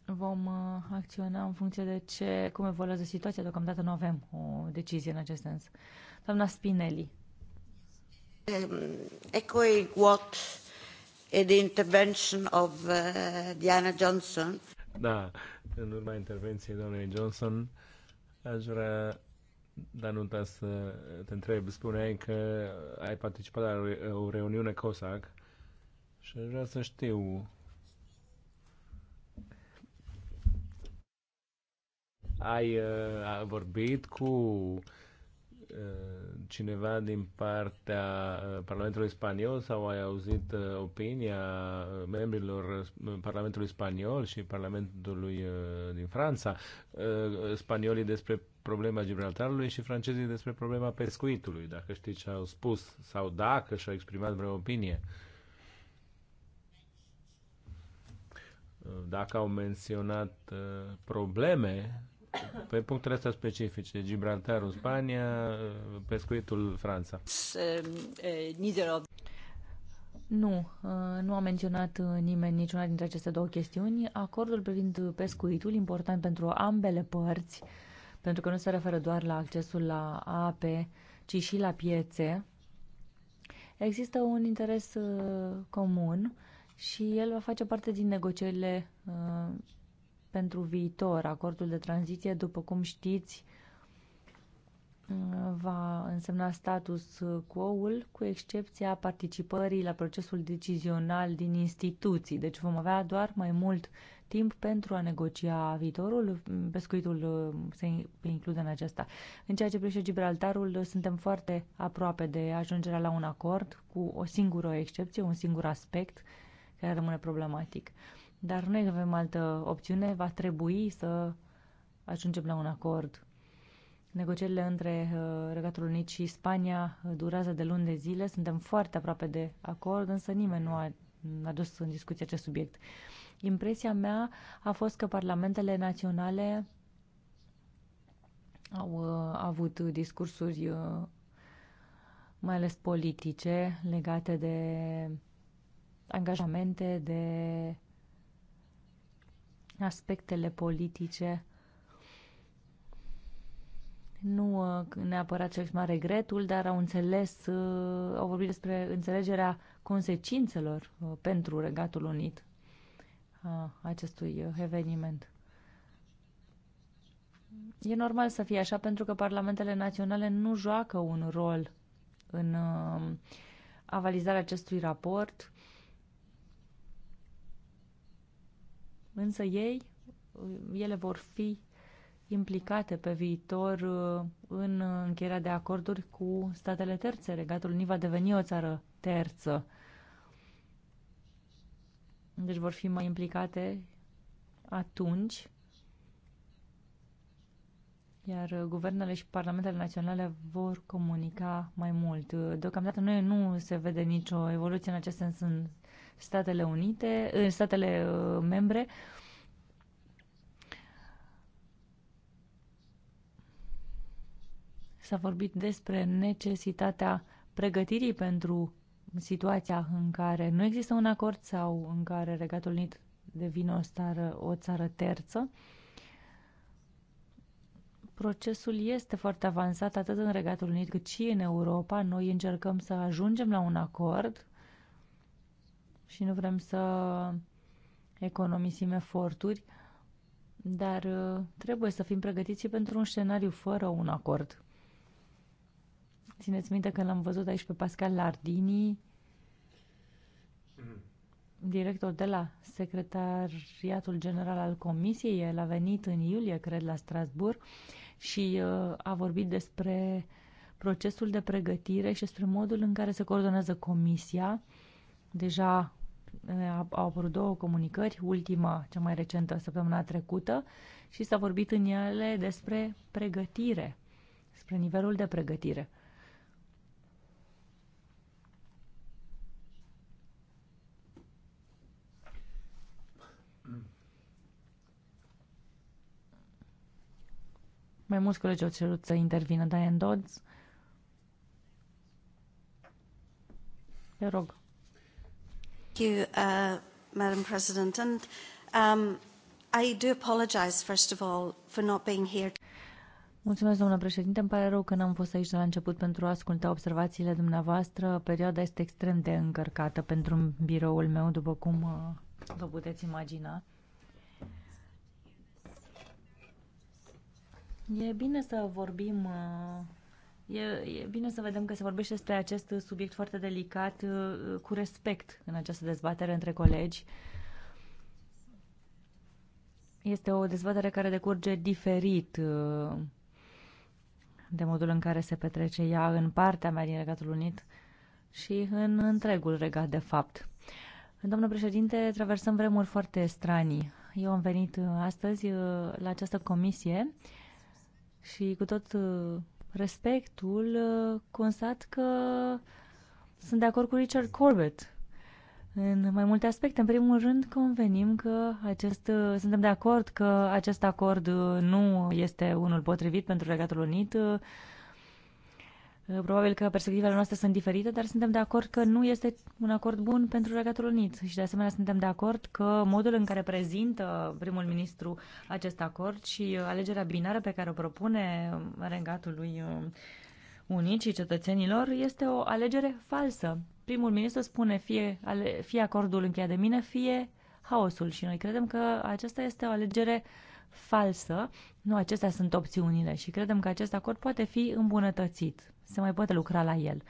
Vom uh, acționa în funcție de ce, cum evoluează situația. Deocamdată nu avem o decizie în acest sens. Doamna Spinelli. Um, echoing what in the intervention of uh, Diana Johnson. Da, în urma intervenției doamnei Johnson, aș vrea, dar nu uita să te întreb, spuneai că ai participat la o reuniune COSAC și aș vrea să știu ai uh, vorbit cu Eh, cineva din partea eh, Parlamentului Spaniol sau ai auzit eh, opinia membrilor Parlamentului Spaniol și Parlamentului din Franța, spaniolii despre problema Gibraltarului și francezii despre problema pescuitului, dacă știi ce au spus sau dacă și-au exprimat vreo opinie. Dacă au menționat probleme pe punctele astea specifice, Gibraltarul, Spania, pescuitul, Franța. Nu, uh, nu a menționat uh, nimeni niciuna dintre aceste două chestiuni. Acordul privind pescuitul, important pentru ambele părți, pentru că nu se referă doar la accesul la ape, ci și la piețe. Există un interes uh, comun și el va face parte din negocierile pentru viitor. Acordul de tranziție, după cum știți, va însemna status quo-ul, cu excepția participării la procesul decizional din instituții. Deci vom avea doar mai mult timp pentru a negocia viitorul. Pescuitul se include în acesta. În ceea ce privește Gibraltarul, suntem foarte aproape de ajungerea la un acord, cu o singură excepție, un singur aspect care rămâne problematic. Dar noi avem altă opțiune, va trebui să ajungem la un acord. Negocierile între uh, Regatul Unit și Spania uh, durează de luni de zile, suntem foarte aproape de acord, însă nimeni nu a adus în discuție acest subiect. Impresia mea a fost că parlamentele naționale au uh, avut discursuri, uh, mai ales politice, legate de angajamente, de aspectele politice, nu uh, neapărat cel mai regretul, dar au înțeles, uh, au vorbit despre înțelegerea consecințelor uh, pentru Regatul Unit a acestui eveniment. E normal să fie așa pentru că parlamentele naționale nu joacă un rol în avalizarea acestui raport însă ei, ele vor fi implicate pe viitor uh, în încheierea de acorduri cu statele terțe. Regatul Unii va deveni o țară terță. Deci vor fi mai implicate atunci, iar guvernele și parlamentele naționale vor comunica mai mult. Deocamdată noi nu se vede nicio evoluție în acest sens în Statele Unite, statele uh, membre. S-a vorbit despre necesitatea pregătirii pentru situația în care nu există un acord sau în care Regatul Unit devine o, stară, o țară terță. Procesul este foarte avansat atât în Regatul Unit cât și în Europa. Noi încercăm să ajungem la un acord și nu vrem să economisim eforturi, dar uh, trebuie să fim pregătiți și pentru un scenariu fără un acord. Țineți minte că l-am văzut aici pe Pascal Lardini, director de la Secretariatul General al Comisiei. El a venit în iulie, cred, la Strasbourg și uh, a vorbit despre procesul de pregătire și despre modul în care se coordonează Comisia. Deja au apărut două comunicări, ultima, cea mai recentă, săptămâna trecută, și s-a vorbit în ele despre pregătire, despre nivelul de pregătire. Mai mulți colegi au cerut să intervină Diane Dodds. Te rog. Thank you, uh, Madam President. And um, I do apologize, first of all, for not being here. Mulțumesc, doamnă președinte. Îmi pare rău că n-am fost aici de la început pentru a asculta observațiile dumneavoastră. Perioada este extrem de încărcată pentru biroul meu, după cum uh, vă puteți imagina. E bine să vorbim uh, E, e bine să vedem că se vorbește despre acest subiect foarte delicat uh, cu respect în această dezbatere între colegi. Este o dezbatere care decurge diferit uh, de modul în care se petrece ea în partea mea din Regatul Unit și în întregul regat, de fapt. Domnul președinte, traversăm vremuri foarte stranii. Eu am venit uh, astăzi la această comisie și cu tot respectul, uh, constat că sunt de acord cu Richard Corbett în mai multe aspecte. În primul rând, convenim că acest, uh, suntem de acord că acest acord uh, nu este unul potrivit pentru Regatul Unit Probabil că perspectivele noastre sunt diferite, dar suntem de acord că nu este un acord bun pentru Regatul Unit și de asemenea suntem de acord că modul în care prezintă primul ministru acest acord și alegerea binară pe care o propune Regatului Unit și cetățenilor este o alegere falsă. Primul ministru spune fie, ale, fie acordul încheiat de mine, fie haosul și noi credem că aceasta este o alegere falsă. Nu acestea sunt opțiunile și credem că acest acord poate fi îmbunătățit se mai poate lucra la el.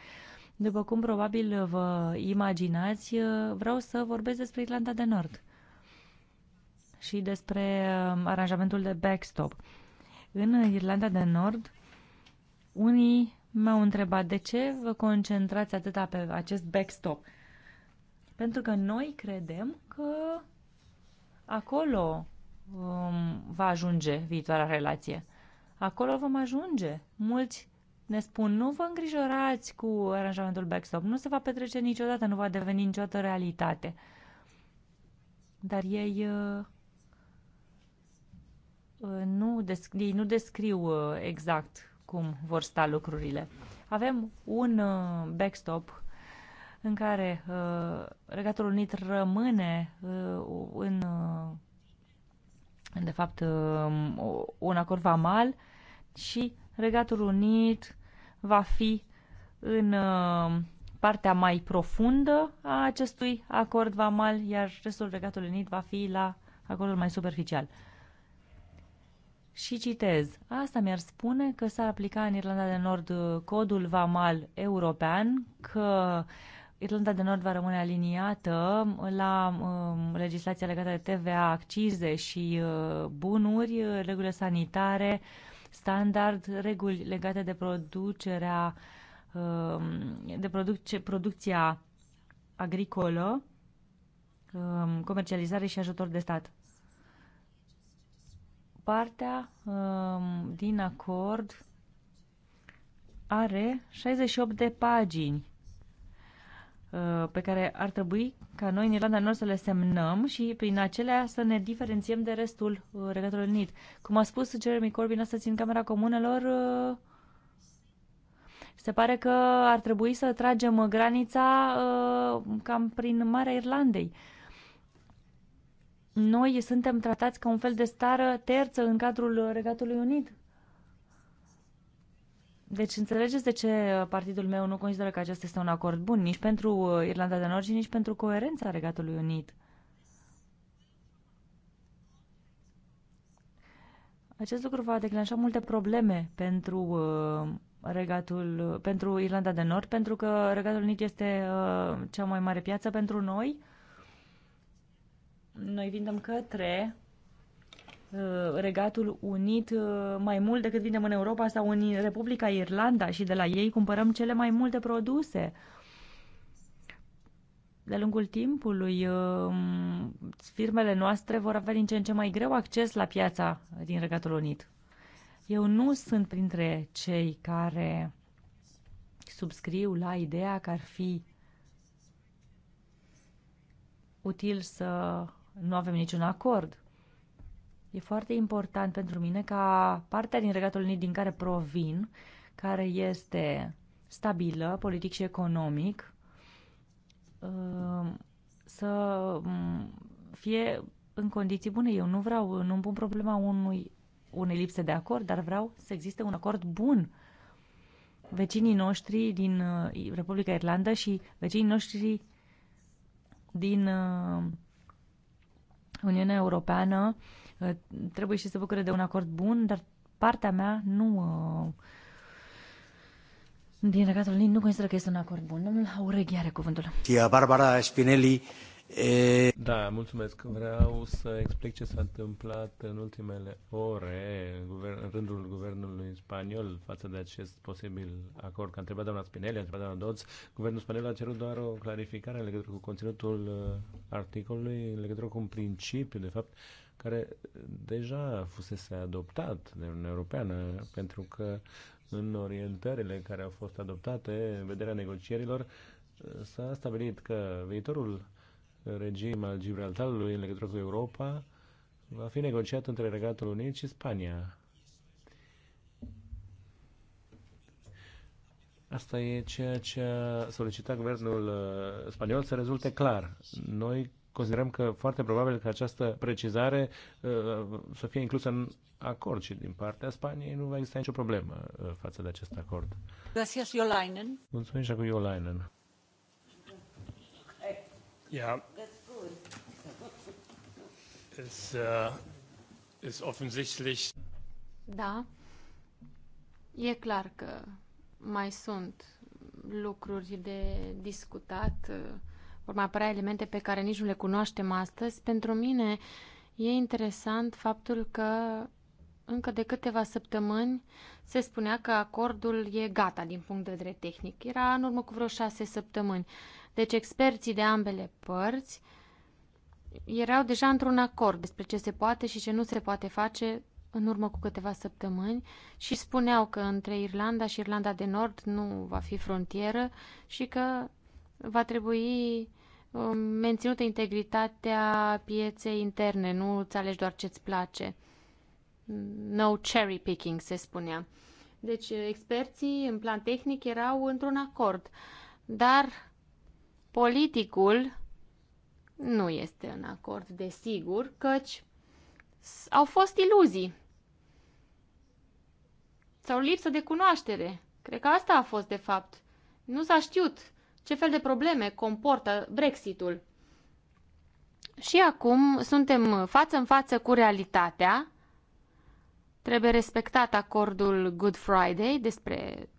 După cum probabil vă imaginați, vreau să vorbesc despre Irlanda de Nord și despre um, aranjamentul de backstop. În Irlanda de Nord, unii m-au întrebat de ce vă concentrați atâta pe acest backstop. Pentru că noi credem că acolo um, va ajunge viitoarea relație. Acolo vom ajunge. Mulți ne spun nu vă îngrijorați cu aranjamentul backstop, nu se va petrece niciodată, nu va deveni niciodată realitate. Dar ei uh, uh, nu, ei nu descriu uh, exact cum vor sta lucrurile. Avem un backstop în care Regatul Unit rămâne în, de fapt, um, un acord vamal și Regatul Unit va fi în uh, partea mai profundă a acestui acord vamal, iar restul Regatului Unit va fi la acordul mai superficial. Și citez, asta mi-ar spune că s-ar aplica în Irlanda de Nord uh, codul vamal european, că Irlanda de Nord va rămâne aliniată la um, legislația legată de TVA, accize și uh, bunuri, uh, regulile sanitare, uh, standard, reguli legate de producerea, um, de produce, producția agricolă, um, comercializare și ajutor de stat. Partea um, din acord are 68 de pagini Uh, pe care ar trebui ca noi în Irlanda Nord să le semnăm și prin acelea să ne diferențiem de restul uh, Regatului Unit. Cum a spus Jeremy Corbyn astăzi în Camera Comunelor, uh, se pare că ar trebui să tragem granița cam prin Marea Irlandei. Noi suntem tratați ca un fel de stară terță în cadrul Regatului Unit. Deci înțelegeți de ce uh, partidul meu nu consideră că acesta este un acord bun, nici pentru uh, Irlanda de Nord și nici pentru coerența Regatului Unit. Acest lucru va declanșa multe probleme pentru uh, regatul, uh, pentru Irlanda de Nord, pentru că Regatul Unit este uh, cea mai mare piață pentru noi. Noi vindem către Uh, Regatul Unit uh, mai mult decât vindem în Europa sau în Republica Irlanda și de la ei cumpărăm cele mai multe produse. de lungul timpului, uh, firmele noastre vor avea din ce în ce mai greu acces la piața din Regatul Unit. Eu nu sunt printre cei care subscriu la ideea că ar fi util să nu avem niciun acord E foarte important pentru mine ca partea din Regatul Unit din care provin, care este stabilă, politic și economic, um, să um, fie în condiții bune. Eu nu vreau, nu pun problema unui, unei lipse de acord, dar vreau să existe un acord bun. Vecinii noștri din uh, Republica Irlanda și vecinii noștri din uh, Uniunea Europeană Ă, trebuie și să bucure de un acord bun, dar partea mea nu... Ă, din regatul lui, nu consideră că este un acord bun. Domnul Aureghi are cuvântul. Tia Barbara Spinelli E... Da, mulțumesc. Vreau să explic ce s-a întâmplat în ultimele ore în, guvern, în rândul guvernului spaniol față de acest posibil acord. Că a întrebat doamna Spinelli, a întrebat doamna Doț. Guvernul spaniol a cerut doar o clarificare în legătură cu conținutul ă, articolului, în legătură cu un principiu, de fapt, care deja fusese adoptat de Uniunea Europeană, pentru că în orientările care au fost adoptate în vederea negocierilor s-a stabilit că viitorul regim al Gibraltarului în legătură cu Europa va fi negociat între Regatul Unit și Spania. Asta e ceea ce a solicitat guvernul uh, spaniol să rezulte clar. Noi considerăm că foarte probabil că această precizare uh, să fie inclusă în acord și din partea Spaniei nu va exista nicio problemă uh, față de acest acord. Gracias, Iolainen. Mulțumim și cu Iolainen. Ja. Es uh, offensichtlich. Da. E clar că mai sunt lucruri de discutat uh, vor mai apărea elemente pe care nici nu le cunoaștem astăzi. Pentru mine e interesant faptul că încă de câteva săptămâni se spunea că acordul e gata din punct de vedere tehnic. Era în urmă cu vreo șase săptămâni. Deci experții de ambele părți erau deja într-un acord despre ce se poate și ce nu se poate face în urmă cu câteva săptămâni și spuneau că între Irlanda și Irlanda de Nord nu va fi frontieră și că va trebui Um, menținută integritatea pieței interne, nu îți alegi doar ce-ți place. No cherry picking, se spunea. Deci experții în plan tehnic erau într-un acord, dar politicul nu este în acord, desigur, căci au fost iluzii sau lipsă de cunoaștere. Cred că asta a fost, de fapt. Nu s-a știut ce fel de probleme comportă Brexitul. Și acum suntem față în față cu realitatea. Trebuie respectat acordul Good Friday despre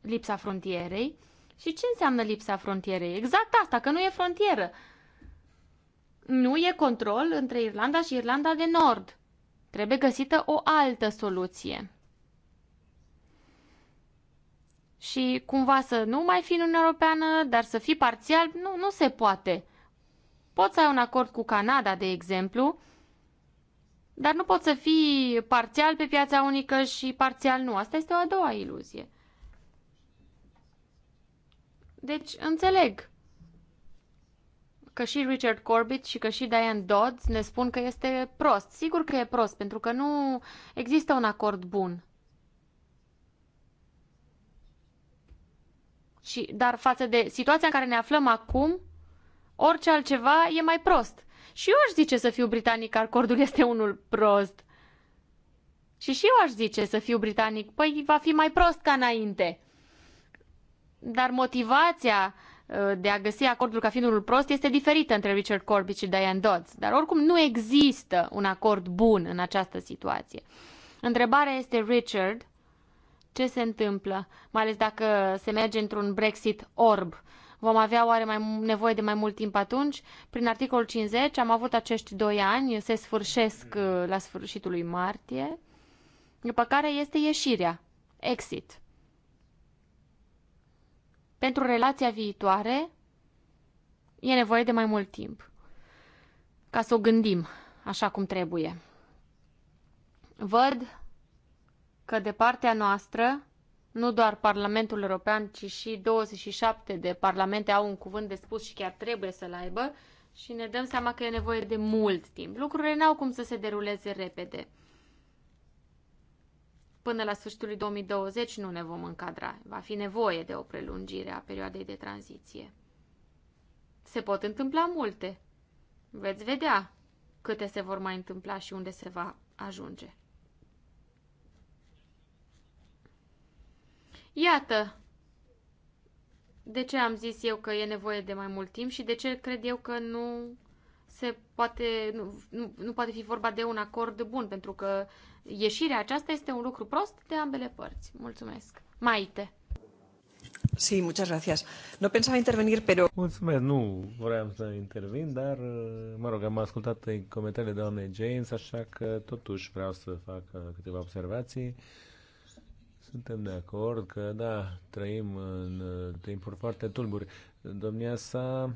lipsa frontierei. Și ce înseamnă lipsa frontierei? Exact asta, că nu e frontieră. Nu e control între Irlanda și Irlanda de Nord. Trebuie găsită o altă soluție și cumva să nu mai fii în Uniunea Europeană, dar să fii parțial, nu, nu se poate. Poți să ai un acord cu Canada, de exemplu, dar nu poți să fii parțial pe piața unică și parțial nu. Asta este o a doua iluzie. Deci, înțeleg că și Richard Corbett și că și Diane Dodds ne spun că este prost. Sigur că e prost, pentru că nu există un acord bun. Și, dar față de situația în care ne aflăm acum, orice altceva e mai prost. Și eu aș zice să fiu britanic, acordul este unul prost. Și și eu aș zice să fiu britanic, păi va fi mai prost ca înainte. Dar motivația ă, de a găsi acordul ca fiind unul prost este diferită între Richard Corbett și Diane Dodds. Dar oricum nu există un acord bun în această situație. Întrebarea este, Richard, ce se întâmplă, mai ales dacă se merge într-un Brexit orb. Vom avea oare mai, nevoie de mai mult timp atunci? Prin articolul 50 am avut acești doi ani, se sfârșesc uh, la sfârșitul lui martie, după care este ieșirea, exit. Pentru relația viitoare e nevoie de mai mult timp ca să o gândim așa cum trebuie. Văd că de partea noastră, nu doar Parlamentul European, ci și 27 de parlamente au un cuvânt de spus și chiar trebuie să-l aibă și ne dăm seama că e nevoie de mult timp. Lucrurile n-au cum să se deruleze repede. Până la sfârșitul 2020 nu ne vom încadra. Va fi nevoie de o prelungire a perioadei de tranziție. Se pot întâmpla multe. Veți vedea câte se vor mai întâmpla și unde se va ajunge. Iată de ce am zis eu că e nevoie de mai mult timp și de ce cred eu că nu se poate, nu, nu, nu poate fi vorba de un acord bun, pentru că ieșirea aceasta este un lucru prost de ambele părți. Mulțumesc. Maite. Sí, muchas gracias. No pensaba intervenir, pero... Mulțumesc, nu vreau să intervin, dar, mă rog, am ascultat comentariile doamnei James, așa că totuși vreau să fac câteva observații. Suntem de acord că, da, trăim în uh, timpuri foarte tulburi. Domnia sa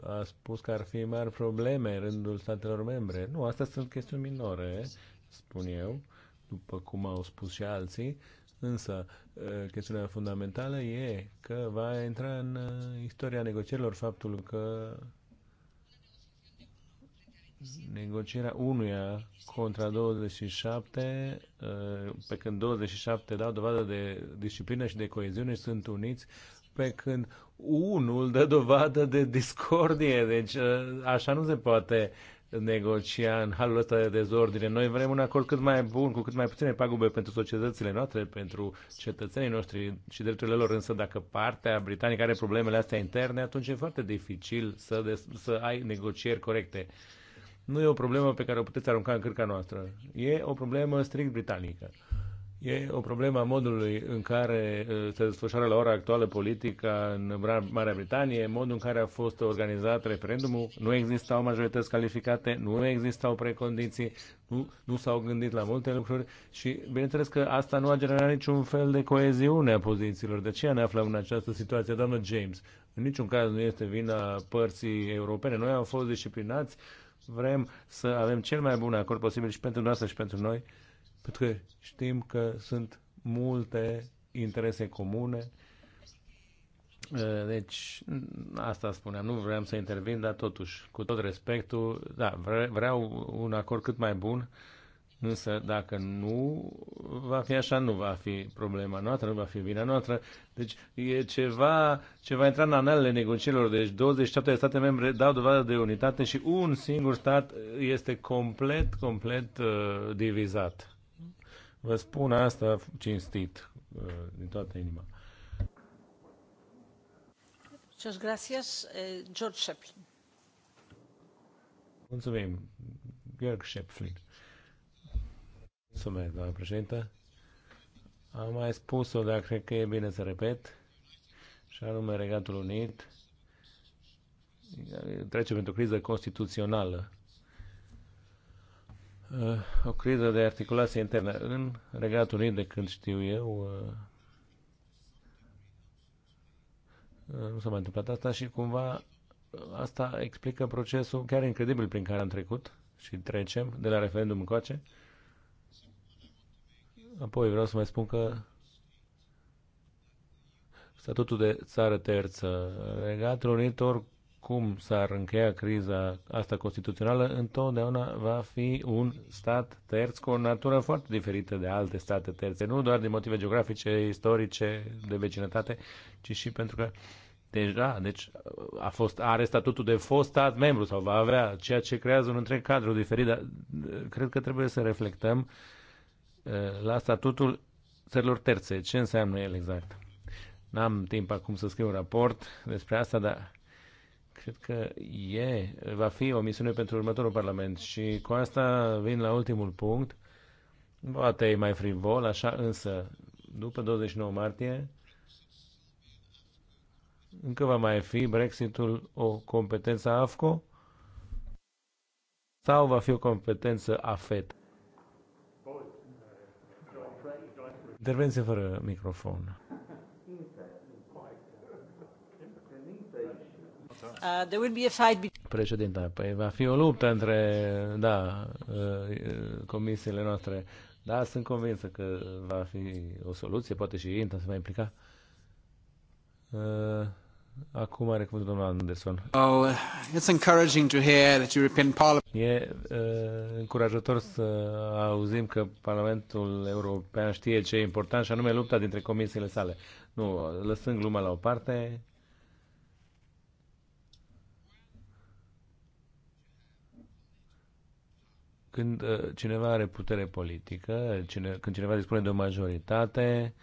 uh, a spus că ar fi mari probleme în rândul statelor membre. Nu, astea sunt chestiuni minore, spun eu, după cum au spus și alții. Însă, uh, chestiunea fundamentală e că va intra în istoria negocierilor faptul că negocierea unuia contra 27, uh, pe când 27 dau dovadă de disciplină și de coeziune și sunt uniți, pe când unul dă dovadă de discordie. Deci uh, așa nu se poate negocia în halul ăsta de dezordine. Noi vrem un acord cât mai bun, cu cât mai puține pagube pentru societățile noastre, pentru cetățenii noștri și drepturile lor, însă dacă partea britanică are problemele astea interne, atunci e foarte dificil să, de, să ai negocieri corecte nu e o problemă pe care o puteți arunca în cârca noastră. E o problemă strict britanică. E o problemă a modului în care uh, se desfășoară la ora actuală politica în Marea Britanie, modul în care a fost organizat referendumul, nu existau majorități calificate, nu existau precondiții, nu, nu s-au gândit la multe lucruri și bineînțeles că asta nu a generat niciun fel de coeziune a pozițiilor. De aceea ne aflăm în această situație, doamnă James. În niciun caz nu este vina părții europene. Noi am fost disciplinați vrem să avem cel mai bun acord posibil și pentru noastră și pentru noi, pentru că știm că sunt multe interese comune. Deci, asta spuneam, nu vreau să intervin, dar totuși, cu tot respectul, da, vreau un acord cât mai bun Însă dacă nu va fi așa, nu va fi problema noastră, nu va fi vina noastră. Deci e ceva ce va intra în analele negocierilor. Deci 27 de state membre dau dovadă de unitate și un singur stat este complet, complet uh, divizat. Vă spun asta cinstit, uh, din toată inima. Muchas gracias, eh, George Shepflin. Mulțumim, George Shepflin. Mulțumesc, doamnă președintă. Am mai spus-o, dar cred că e bine să repet, și anume Regatul Unit trece pentru o criză constituțională. Uh, o criză de articulație internă. În Regatul Unit, de când știu eu, uh, uh, nu s-a mai întâmplat asta și cumva asta explică procesul chiar incredibil prin care am trecut și trecem de la referendum încoace. Apoi vreau să mai spun că statutul de țară terță, Regatul Unit oricum s-ar încheia criza asta constituțională, întotdeauna va fi un stat terț cu o natură foarte diferită de alte state terțe, nu doar din motive geografice, istorice, de vecinătate, ci și pentru că deja, deci a fost, are statutul de fost stat membru sau va avea, ceea ce creează un întreg cadru diferit, dar uh, cred că trebuie să reflectăm uh, Eh, la statutul țărilor terțe. Ce înseamnă el exact? N-am timp acum să scriu un raport despre asta, dar cred că e, va fi o misiune pentru următorul Parlament. Și cu asta vin la ultimul punct. Poate e mai frivol, așa, însă, după 29 martie, încă va mai fi Brexitul o competență AFCO sau va fi o competență AFET? Intervenție fără microfon. Uh, there will be a fight Președinta, păi va fi o luptă între, da, uh, comisiile noastre. Da, sunt convinsă că va fi o soluție, poate și INTA se va implica. Uh, Acum are cuvântul domnul Anderson. Oh, it's encouraging to hear that European Parliament... E uh, încurajator să auzim că Parlamentul European știe ce e important și anume lupta dintre comisiile sale. Nu, lăsând gluma la o parte, când uh, cineva are putere politică, cine, când cineva dispune de o majoritate,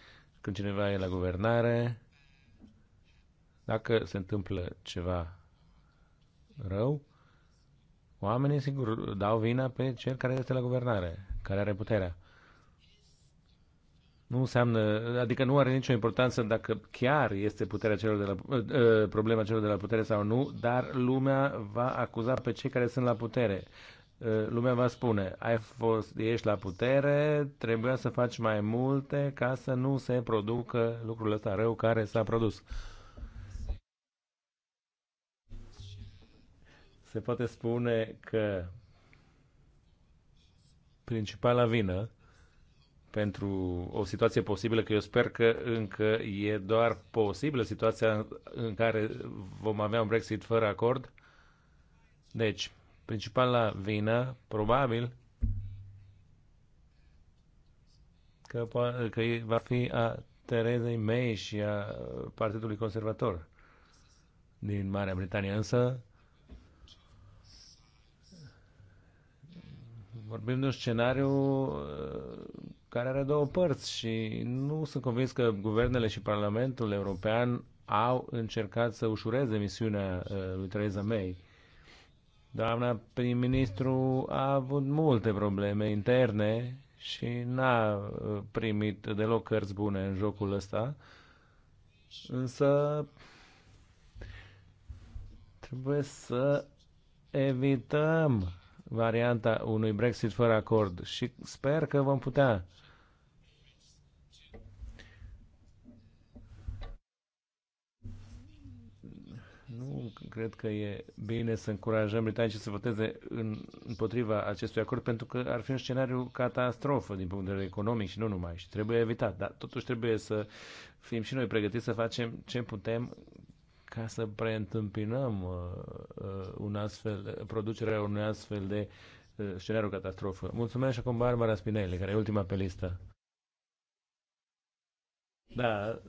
când cineva e la guvernare, dacă se întâmplă ceva rău, oamenii, sigur, dau vina pe cel care este la guvernare, care are puterea. Nu înseamnă, adică nu are nicio importanță dacă chiar este puterea celor de la, uh, problema celor de la putere sau nu, dar lumea va acuza pe cei care sunt la putere. Uh, lumea va spune, ai fost, ești la putere, trebuia să faci mai multe ca să nu se producă lucrul ăsta rău care s-a produs. se poate spune că principala vină pentru o situație posibilă, că eu sper că încă e doar posibilă situația în care vom avea un Brexit fără acord. Deci, principala vină, probabil, că, că va fi a Terezei May și a Partidului Conservator din Marea Britanie. Însă, vorbim de un scenariu uh, care are două părți și nu sunt convins că guvernele și Parlamentul European au încercat să ușureze misiunea uh, lui Theresa May. Doamna prim-ministru a avut multe probleme interne și n-a uh, primit deloc cărți bune în jocul ăsta, însă trebuie să evităm varianta unui Brexit fără acord și sper că vom putea Nu cred că e bine să încurajăm britanicii să voteze în, împotriva acestui acord, pentru că ar fi un scenariu catastrofă din punct de vedere economic și nu numai, și trebuie evitat. Dar totuși trebuie să fim și noi pregătiți să facem ce putem ca să preîntâmpinăm uh, uh, un astfel, producerea unui astfel de uh, scenariu catastrofă. Mulțumesc și acum Barbara Spinelli, care e ultima pe listă. Da,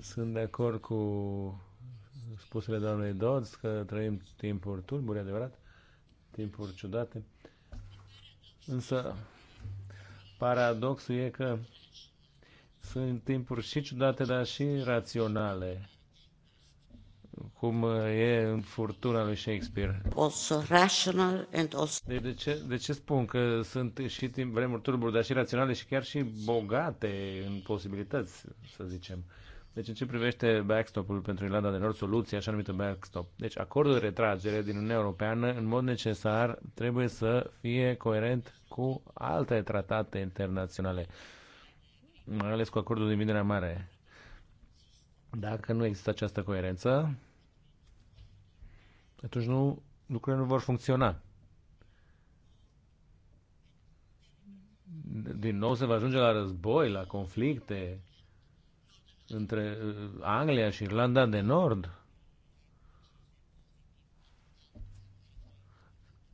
sunt de acord cu spusele doamnei Dodds că trăim timpuri tulburi, adevărat, timpuri ciudate. Însă, paradoxul e că sunt timpuri și ciudate, dar și raționale cum uh, e în furtuna lui Shakespeare. Also rational and also... de, deci de ce, de ce spun că sunt și timp, vremuri tulburi, dar și raționale și chiar și bogate în posibilități, să zicem. Deci în ce privește backstop-ul pentru Irlanda de Nord, soluția așa numită backstop. Deci acordul de retragere din Uniunea Europeană în mod necesar trebuie să fie coerent cu alte tratate internaționale, mai ales cu acordul din Vinerea Mare. Dacă nu există această coerență, atunci nu, lucrurile nu vor funcționa. Din nou se va ajunge la război, la conflicte între uh, Anglia și Irlanda de Nord.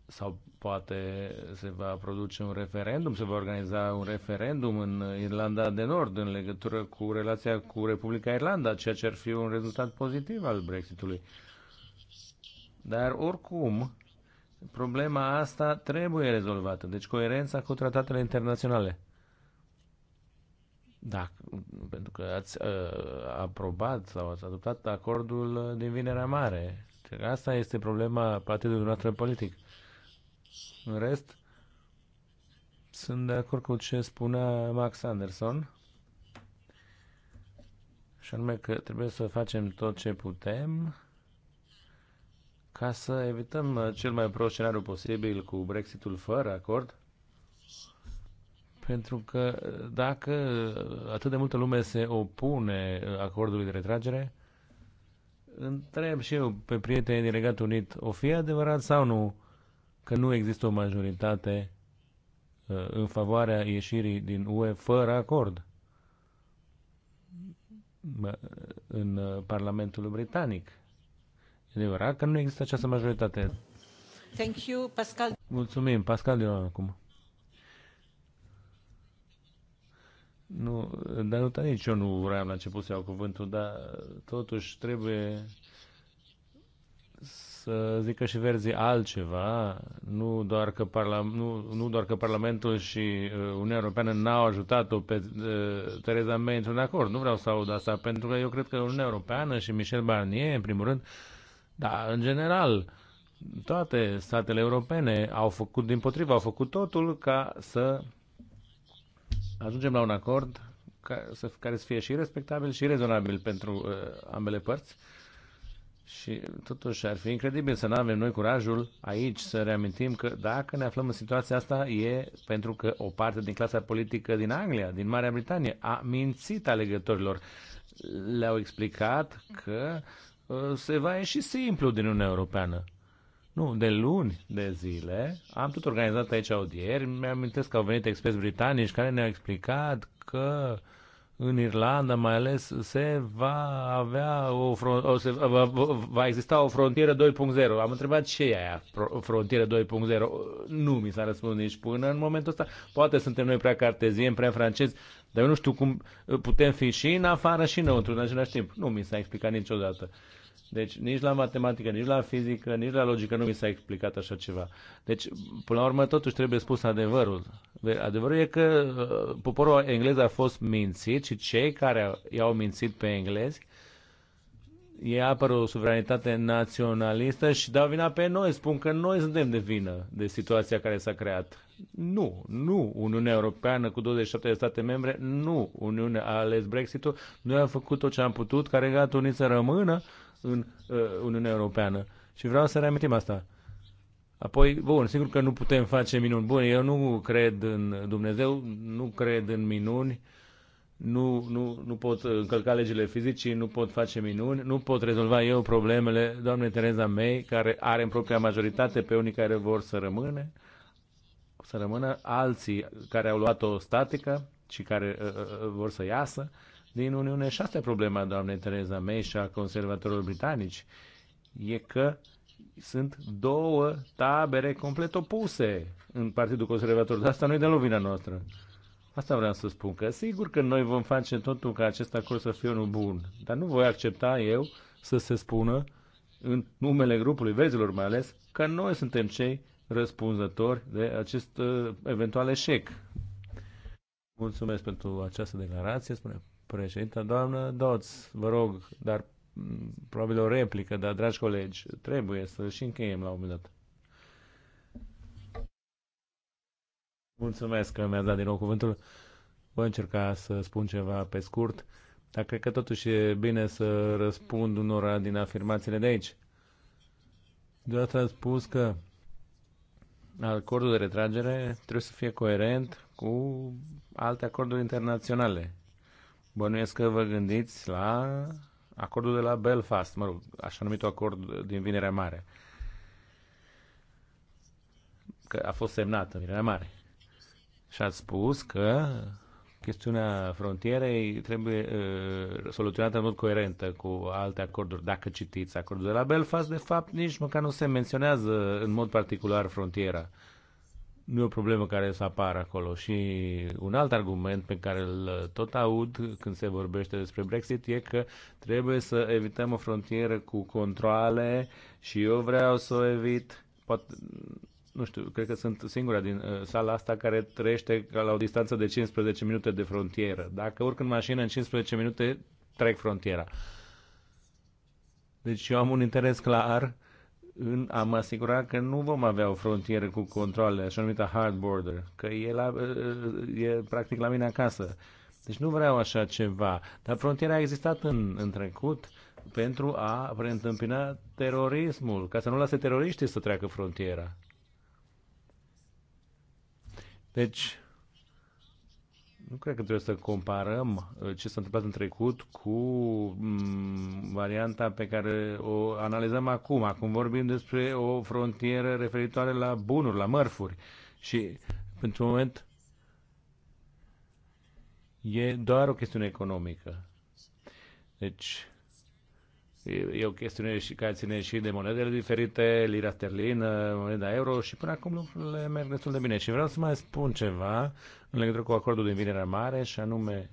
Sau poate se va produce un referendum, se va organiza un referendum în Irlanda de Nord în legătură cu relația cu Republica Irlanda, ceea ce ar fi un rezultat pozitiv al Brexitului. ului dar oricum, problema asta trebuie rezolvată. Deci coerența cu tratatele internaționale. Da, pentru că ați uh, aprobat sau ați adoptat acordul din Vinerea Mare. Asta este problema partidului noastră politic. În rest, sunt de acord cu ce spunea Max Anderson, și anume că trebuie să facem tot ce putem ca să evităm uh, cel mai prost scenariu posibil cu Brexitul fără acord, pentru că uh, dacă uh, atât de multă lume se opune acordului de retragere, întreb și eu pe prietenii din Regatul Unit, o fi adevărat sau nu că nu există o majoritate în favoarea ieșirii din UE fără acord în Parlamentul Britanic? adevărat că nu există această majoritate. Thank you, Pascal. Mulțumim, Pascal de acum. Nu, dar nu, nici eu nu vreau la început să iau cuvântul, dar totuși trebuie să zică și verzii altceva, nu doar că, parla- nu, nu doar că Parlamentul și uh, Uniunea Europeană n-au ajutat-o pe uh, Tereza May într-un acord. Nu vreau să aud asta, pentru că eu cred că Uniunea Europeană și Michel Barnier, în primul rând, uh, da, în general, toate statele europene au făcut, din potrivă, au făcut totul ca să ajungem la un acord ca, să, care să fie și respectabil și rezonabil pentru uh, ambele părți. Și totuși ar fi incredibil să nu avem noi curajul aici să reamintim că dacă ne aflăm în situația asta e pentru că o parte din clasa politică din Anglia, din Marea Britanie, a mințit alegătorilor. Le-au explicat că uh, Uh, se va ieși simplu din Uniunea Europeană. Nu, de luni de zile am tot organizat aici audieri. Mi-amintesc că au venit experți britanici care ne-au explicat că în Irlanda mai ales se va avea o, o se, va, va exista o frontieră 2.0. Am întrebat ce e aia frontieră 2.0. Nu mi s-a răspuns nici până în momentul ăsta. Poate suntem noi prea cartezieni, prea francezi, dar eu nu știu cum putem fi și în afară și înăuntru în același timp. Nu mi s-a explicat niciodată. Uh, deci nici la matematică, nici la fizică, nici la logică nu mi s-a explicat așa ceva. Deci, până la urmă, totuși trebuie spus adevărul. Adevărul e că uh, poporul englez a fost mințit și cei care i-au mințit pe englezi e apără o suveranitate naționalistă și dau vina pe noi, spun că noi suntem de vină de situația care s-a creat. Nu, nu Uniunea Europeană cu 27 de state membre, nu Uniunea a ales Brexit-ul, noi am făcut tot ce am putut ca Regatul unii să rămână în uh, Uniunea Europeană. Și vreau să reamintim asta. Apoi, bun, sigur că nu putem face minuni. Bun, eu nu cred în Dumnezeu, nu cred în minuni, nu, nu, nu pot încălca legile fizicii, nu pot face minuni, nu pot rezolva eu problemele doamnei Tereza May, care are în propria majoritate pe unii care vor să rămâne, să rămână alții care au luat o statică și care uh, uh, uh vor să iasă. Uh, din Uniune. Și asta e problema doamnei Tereza May și a conservatorilor britanici. E că sunt două tabere complet opuse în Partidul Conservator. Dar asta nu e de vina noastră. Asta vreau să spun, că sigur că noi vom face totul ca acest acord să fie unul bun, dar nu voi accepta eu să se spună, în numele grupului vezilor mai ales, că noi suntem cei răspunzători de acest uh, eventual eșec. Mulțumesc pentru această declarație, spune președinte, Doamnă Doț, vă rog, dar mm, probabil o replică, dar, dragi colegi, trebuie să și încheiem la un moment dat. Mulțumesc că mi-ați dat din nou cuvântul. Voi încerca să spun ceva pe scurt, dar cred că totuși e bine să răspund unora din afirmațiile de aici. Deodată am spus că acordul de retragere trebuie să fie coerent cu alte acorduri internaționale Bănuiesc că vă gândiți la acordul de la Belfast, mă rog, așa numitul acord din Vinerea Mare. Că a fost semnat în Vinerea Mare. Și ați spus că chestiunea frontierei trebuie uh, soluționată în mod coerent cu alte acorduri. Dacă citiți acordul de la Belfast, de fapt, nici măcar nu se menționează în mod particular frontiera. Uh, nu e o problemă care să apară acolo. Și un alt argument pe care îl tot aud când se vorbește despre Brexit e că trebuie să evităm o frontieră cu controle și eu vreau să o evit. Poate, nu știu, cred că sunt singura din uh, sala asta care trăiește la o distanță de 15 minute de frontieră. Dacă urc în mașină în 15 minute, trec frontiera. Deci eu am un interes clar uh, în a mă asigura că nu vom avea o frontieră cu controle, așa numită hard border, că e, la, e practic la mine acasă. Deci nu vreau așa ceva. Dar frontiera a existat în, în trecut pentru a preîntâmpina terorismul, ca să nu lase teroriștii să treacă frontiera. Deci, nu cred că trebuie să comparăm uh, ce s-a întâmplat în trecut cu mm, varianta pe care o analizăm acum. Acum vorbim despre o frontieră referitoare la bunuri, la mărfuri. Și, pentru moment, e doar o chestiune economică. Deci, E o chestiune și care ține și de monedele diferite, lira sterlină, moneda euro și până acum lucrurile merg destul de bine. Și vreau să mai spun ceva în legătură cu acordul din Vinerea Mare și anume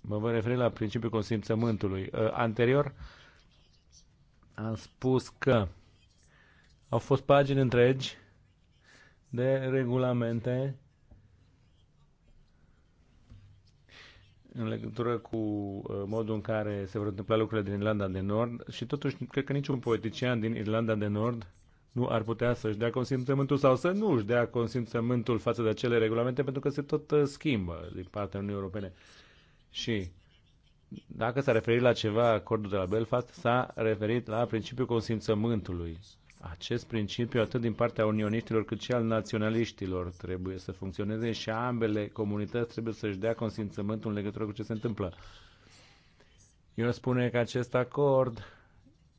mă voi referi la principiul consimțământului. Ă, anterior am spus că au fost pagini întregi de regulamente în legătură cu uh, modul în care se vor întâmpla lucrurile din Irlanda de Nord și totuși cred că niciun politician din Irlanda de Nord nu ar putea să-și dea consimțământul sau să nu își dea consimțământul față de acele regulamente pentru că se tot uh, schimbă din partea Uniunii Europene. Și dacă s-a referit la ceva acordul de la Belfast, s-a referit la principiul consimțământului acest principiu, atât din partea unioniștilor cât și al naționaliștilor, trebuie să funcționeze și ambele comunități trebuie să-și dea consimțământul în legătură cu ce se întâmplă. Eu spune că acest acord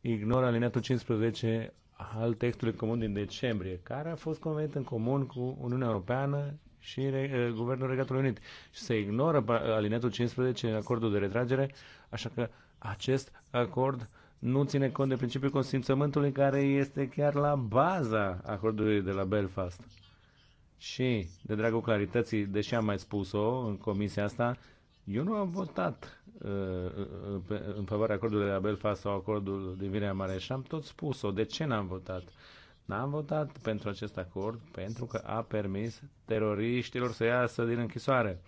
ignoră alineatul 15 al textului comun din decembrie, care a fost convenit în comun cu Uniunea Europeană și re, eh, Guvernul Regatului Unit. Și se ignoră alineatul 15 în acordul de retragere, așa că acest acord uh, nu ține cont de principiul consimțământului care este chiar la baza acordului de la Belfast. Și, de dragul clarității, deși am mai spus-o în comisia asta, eu nu am votat uh, uh în favoarea acordului de la Belfast sau acordul din Vinerea Mare și am tot spus-o. De ce n-am votat? N-am votat pentru acest acord pentru că a permis teroriștilor să iasă din închisoare.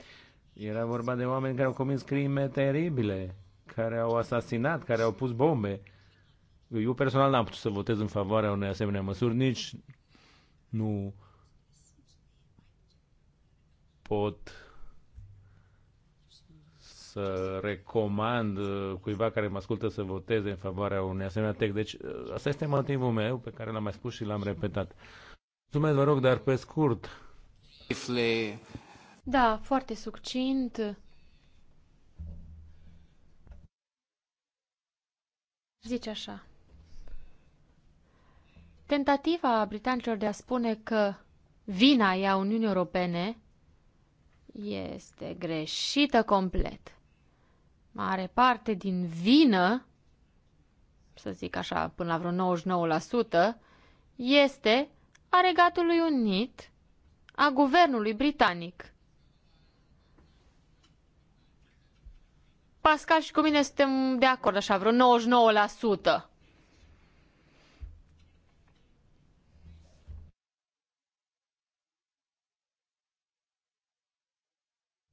Era vorba de oameni care au comis crime teribile care au asasinat, care au pus bombe. Eu personal n-am putut să votez în favoarea unei asemenea măsuri, nici nu pot să recomand uh, cuiva care mă ascultă să voteze în favoarea unei asemenea tech. Deci, uh, asta este motivul meu pe care l-am mai spus și l-am repetat. Mulțumesc, vă rog, dar pe scurt. Da, foarte succint. zice așa. Tentativa britanicilor de a spune că vina e a Uniunii Europene este greșită complet. Mare parte din vină, să zic așa, până la vreo 99%, este a Regatului Unit, a guvernului britanic. Pascal și cu mine suntem de acord așa, vreo 99%.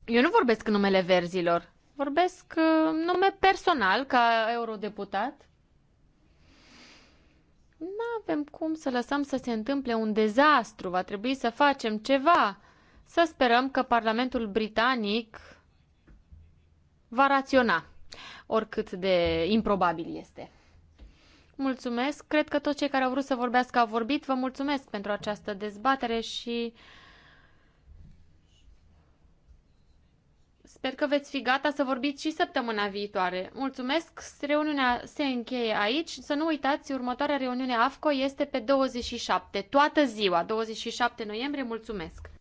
Eu nu vorbesc în numele verzilor, vorbesc uh, în nume personal ca eurodeputat. Nu avem cum să lăsăm să se întâmple un dezastru, va trebui să facem ceva. Să sperăm că Parlamentul Britanic va raționa, oricât de improbabil este. Mulțumesc. Cred că toți cei care au vrut să vorbească au vorbit. Vă mulțumesc pentru această dezbatere și sper că veți fi gata să vorbiți și săptămâna viitoare. Mulțumesc. Reuniunea se încheie aici. Să nu uitați, următoarea reuniune AFCO este pe 27, toată ziua, 27 noiembrie. Mulțumesc.